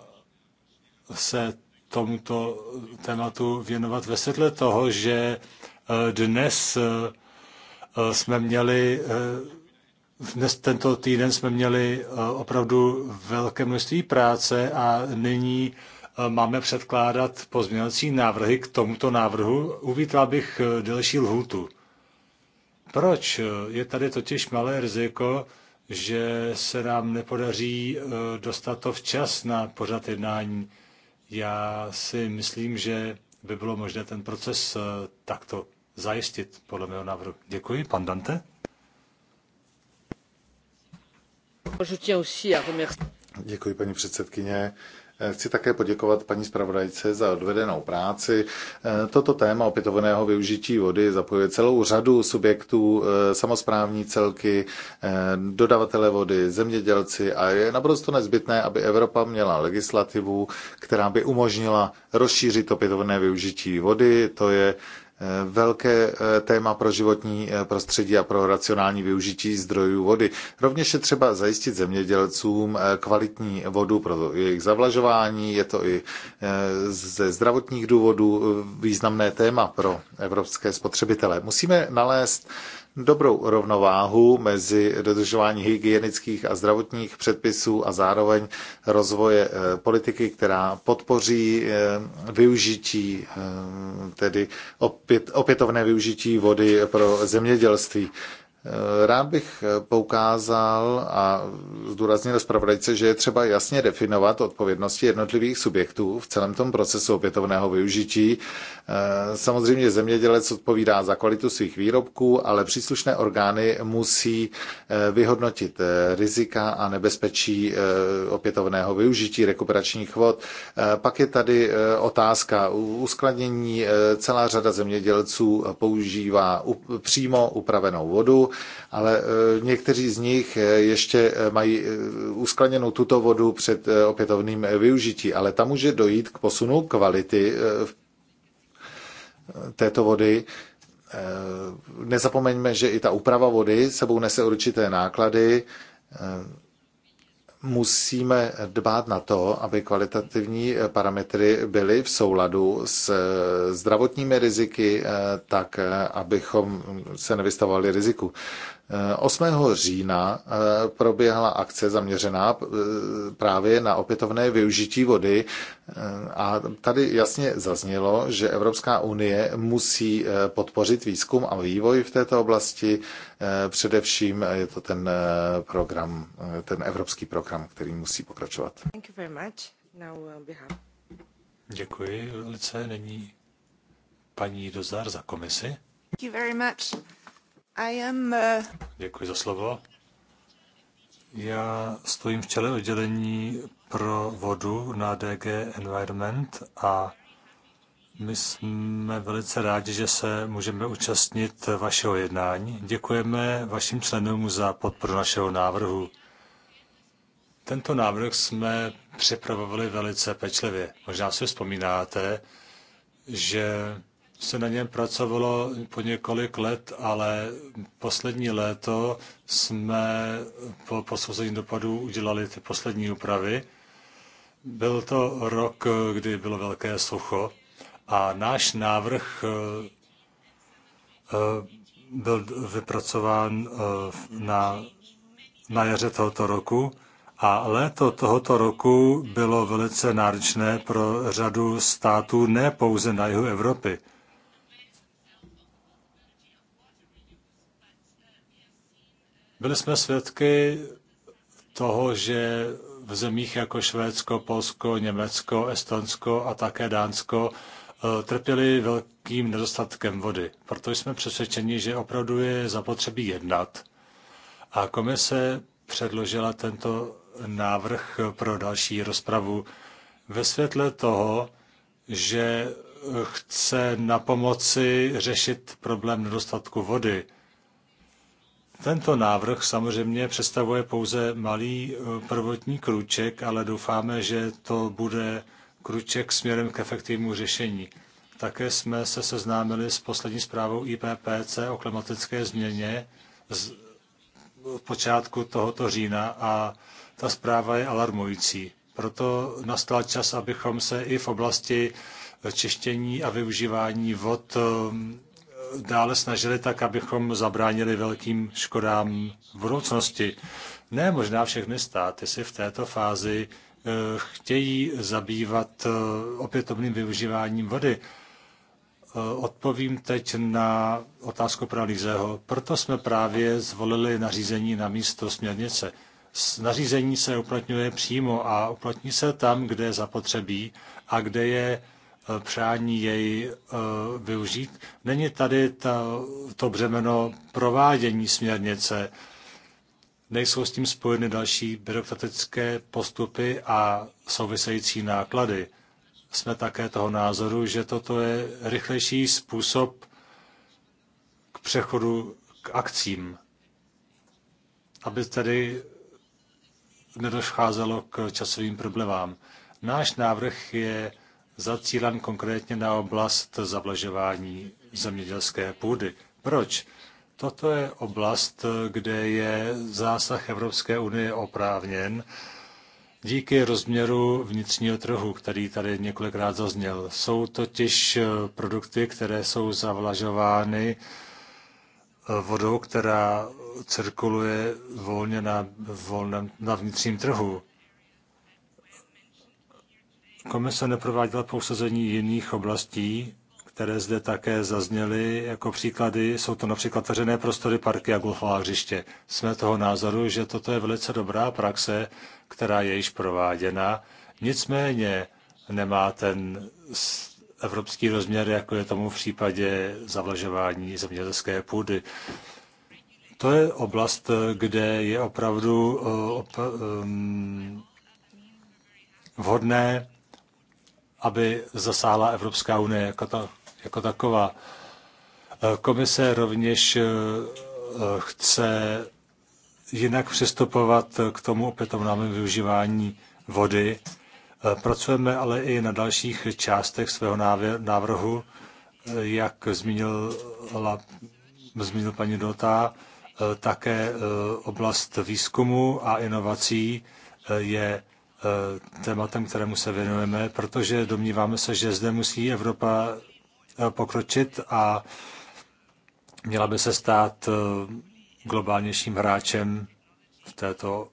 se tomuto tématu věnovat ve světle toho, že eh, dnes eh, jsme měli, eh, dnes tento týden jsme měli opravdu velké množství práce a nyní máme předkládat pozměňovací návrhy k tomuto návrhu. Uvítal bych delší lhůtu. Proč? Je tady totiž malé riziko, že se nám nepodaří eh, dostat to včas na pořad jednání. Já si myslím, že by bylo možné ten proces eh, takto zajistit, podle mého návrhu. Děkuji. Pan Dante? Děkuji, paní předsedkyně. Chci také poděkovat paní zpravodajce za odvedenou práci. Toto téma opětovného využití vody zapojuje celou řadu subjektů, eh, samozprávní celky, eh, dodavatele vody, zemědělci a je naprosto nezbytné, aby Evropa měla legislativu, která by umožnila rozšířit opětovné využití vody. To je Eh, velké eh, téma pro životní eh, prostředí a pro racionální využití zdrojů vody. Rovněž je třeba zajistit zemědělcům kvalitní vodu pro jejich zavlažování, je to i ze zdravotních důvodů významné téma pro evropské spotřebitele. Musíme nalézt dobrou rovnováhu mezi dodržováním hygienických a zdravotních předpisů a zároveň rozvoje eh, politiky, která podpoří eh, využití, eh, tedy opět, opětovné využití vody pro zemědělství. Rád bych eh, poukázal a zdůraznil zpravodajce, že je třeba jasně definovat odpovědnosti jednotlivých subjektů v celém tom procesu opětovného využití. Eh, samozřejmě zemědělec odpovídá za kvalitu svých výrobků, ale příslušné orgány musí eh, vyhodnotit rizika a nebezpečí opětovného využití rekuperačních vod. Pak je tady otázka uskladnění. Celá řada zemědělců používá přímo upravenou vodu ale e, někteří z nich e, ještě e, mají uskleněnou tuto vodu před opětovným využití, ale tam může dojít k posunu kvality této vody. Nezapomeňme, že i ta úprava vody sebou nese určité náklady, musíme dbát na to, aby kvalitativní parametry byly v souladu s eh, zdravotními riziky, eh, tak eh, abychom se nevystavovali riziku. 8. října eh, proběhla akce zaměřená eh, právě na opětovné využití vody eh, a tady jasně zaznělo, že Evropská unie musí podpořit výzkum a vývoj v této oblasti. Především je to ten program, ten evropský program, který musí pokračovat. Uh, Děkuji, Lice. Není paní Dozar za komisi. Thank you very much. Uh, Děkuji za slovo. Já stojím v čele oddělení pro vodu na DG Environment a my jsme velice rádi, že se můžeme účastnit vašeho jednání. Děkujeme vašim členům za podporu našeho návrhu. Tento návrh jsme připravovali velice pečlivě. Možná si vzpomínáte, že se na něm pracovalo po několik let, ale poslední léto jsme po posouzení dopadů udělali ty poslední úpravy. Byl to rok, kdy bylo velké sucho a náš návrh eh, eh, byl vypracován eh, na, na jaře tohoto roku a léto tohoto roku bylo velice náročné pro řadu států, ne pouze na jihu Evropy. Byli jsme svědky toho, že v zemích jako Švédsko, Polsko, Německo, Estonsko a také Dánsko eh, trpěli velkým nedostatkem vody. Proto jsme přesvědčeni, že opravdu je zapotřebí jednat. A komise předložila tento návrh pro další rozpravu ve světle toho, že chce na pomoci řešit problém nedostatku vody. Tento návrh samozřejmě představuje pouze malý eh, prvotní kruček, ale doufáme, že to bude kruček směrem k efektivnímu řešení. Také jsme se seznámili s poslední zprávou IPPC o klimatické změně z počátku tohoto října a ta zpráva je alarmující. Proto nastal čas, abychom se i v oblasti eh, čištění a využívání vod eh, dále snažili tak, abychom zabránili velkým škodám v budoucnosti. Ne možná všechny státy si v této fázi eh, chtějí zabývat eh, opětovným využíváním vody. Eh, odpovím teď na otázku pana Lízeho. Proto jsme právě zvolili nařízení na místo směrnice. Nařízení se uplatňuje přímo a uplatní se tam, kde je zapotřebí a kde je Eh, přání jej eh, využít. Není tady ta, to břemeno provádění směrnice. Nejsou s tím spojeny další byrokratické postupy a související náklady. Jsme také toho názoru, že toto je rychlejší způsob k přechodu k akcím, aby tedy nedocházelo k časovým problémám. Náš návrh je zacílen konkrétně na oblast zavlažování zemědělské půdy. Proč? Toto je oblast, kde je zásah Evropské unie oprávněn díky rozměru vnitřního trhu, který tady několikrát zazněl. Jsou totiž produkty, které jsou zavlažovány vodou, která cirkuluje volně na, volném, na vnitřním trhu. Komise neprováděla pousazení jiných oblastí, které zde také zazněly jako příklady. Jsou to například veřejné prostory, parky a golfová hřiště. Jsme toho názoru, že toto je velice dobrá praxe, která je již prováděna. Nicméně nemá ten evropský rozměr, jako je tomu v případě zavlažování zemědělské půdy. To je oblast, kde je opravdu eh, ehm, vhodné aby zasáhla Evropská unie jako, ta, jako taková. Komise rovněž eh, chce jinak přistupovat k tomu opětovnému využívání vody. Eh, pracujeme ale i na dalších částech svého návrhu, eh, jak zmínila, zmínil paní Dota, také oblast výzkumu a inovací je Eh, tématem, kterému se věnujeme, protože domníváme se, že zde musí Evropa eh, pokročit a měla by se stát eh, globálnějším hráčem v této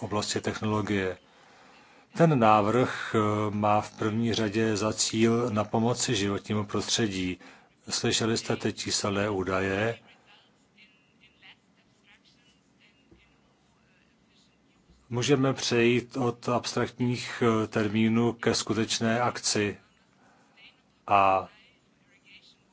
oblasti technologie. Ten návrh má v první řadě za cíl na pomoci životnímu prostředí. Slyšeli jste ty číselné údaje. můžeme přejít od abstraktních eh, termínů ke skutečné akci. A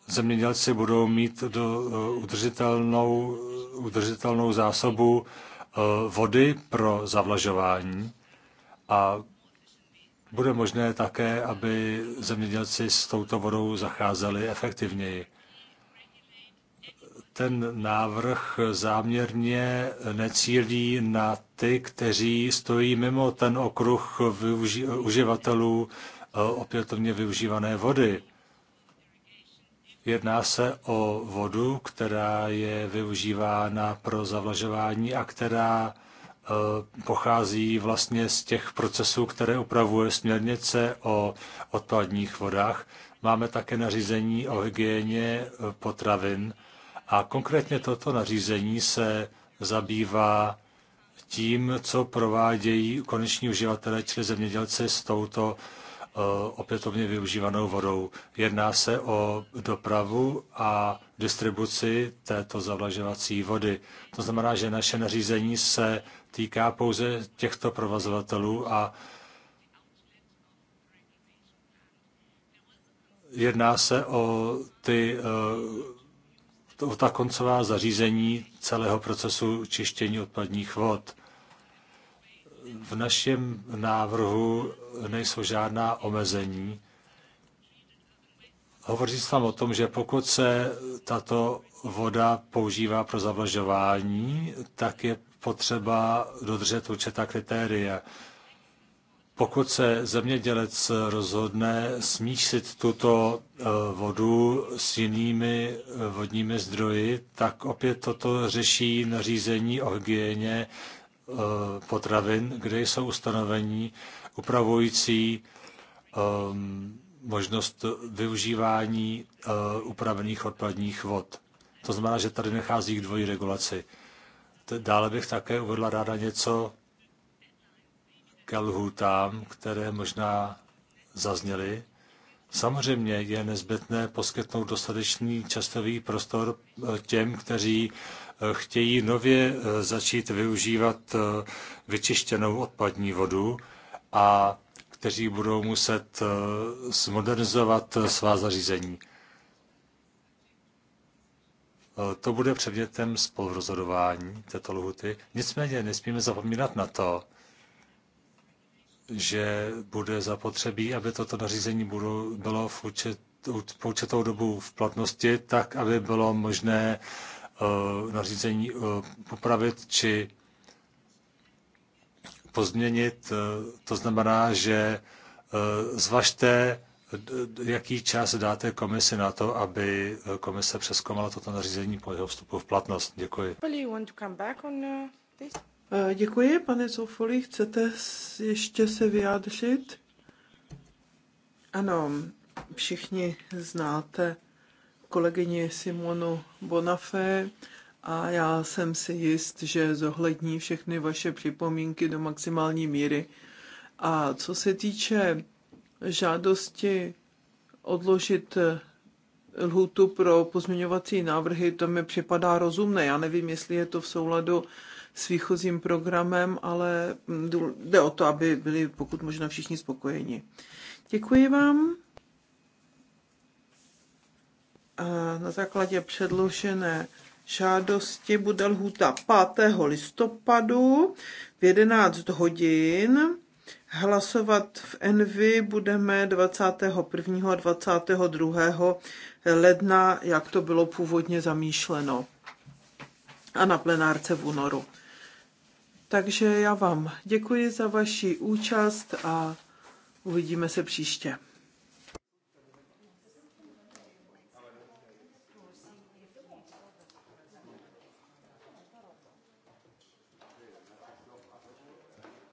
zemědělci budou mít do eh, udržitelnou, udržitelnou zásobu eh, vody pro zavlažování a bude možné také, aby zemědělci s touto vodou zacházeli efektivněji ten návrh záměrně necílí na ty, kteří stojí mimo ten okruh využi- uživatelů eh, opětovně využívané vody. Jedná se o vodu, která je využívána pro zavlažování a která eh, pochází vlastně z těch procesů, které upravuje směrnice o odpadních vodách. Máme také nařízení o hygieně eh, potravin a konkrétně toto nařízení se zabývá tím, co provádějí koneční uživatelé, čili zemědělci s touto eh, opětovně využívanou vodou. Jedná se o dopravu a distribuci této zavlažovací vody. To znamená, že naše nařízení se týká pouze těchto provozovatelů a jedná se o ty eh, to, ta koncová zařízení celého procesu čištění odpadních vod. V našem návrhu nejsou žádná omezení. Hovoří se tam o tom, že pokud se tato voda používá pro zavlažování, tak je potřeba dodržet určitá kritéria pokud se zemědělec rozhodne smíšit tuto eh, vodu s jinými eh, vodními zdroji, tak opět toto řeší nařízení o hygieně eh, potravin, kde jsou ustanovení upravující ehm, možnost využívání upravených odpadních vod. To znamená, že tady nechází k dvojí regulaci. Dále bych také uvedla ráda něco ke lhůtám, které možná zazněly. Samozřejmě je nezbytné poskytnout dostatečný časový prostor eh, těm, kteří eh, chtějí nově eh, začít využívat vyčištěnou odpadní vodu a kteří budou muset zmodernizovat svá zařízení. To bude předmětem spolurozhodování této lhuty. Nicméně nesmíme zapomínat na to, že bude zapotřebí, aby toto nařízení bylo v určit, po určitou dobu v platnosti, tak aby bylo možné uh, nařízení uh, popravit či pozměnit. Uh, to znamená, že uh, zvažte, jaký čas dáte komisi na to, aby komise přeskoumala toto nařízení po jeho vstupu v platnost. Děkuji. Eh, děkuji, pane Zofoli. Chcete ještě se vyjádřit? Ano, všichni znáte kolegyni Simonu Bonafé a já jsem si jist, že zohlední všechny vaše připomínky do maximální míry. A co se týče žádosti odložit eh, lhutu pro pozměňovací návrhy, to mi připadá rozumné. Já nevím, jestli je to v souladu s výchozím programem, ale mm, jde o to, aby byli pokud možno všichni spokojeni. Děkuji vám. A na základě předložené žádosti bude lhůta 5. listopadu v 11 hodin. Hlasovat v Envy budeme 21. a 22. ledna, jak to bylo původně zamýšleno. A na plenárce v únoru. Takže já vám děkuji za vaši účast a uvidíme se příště.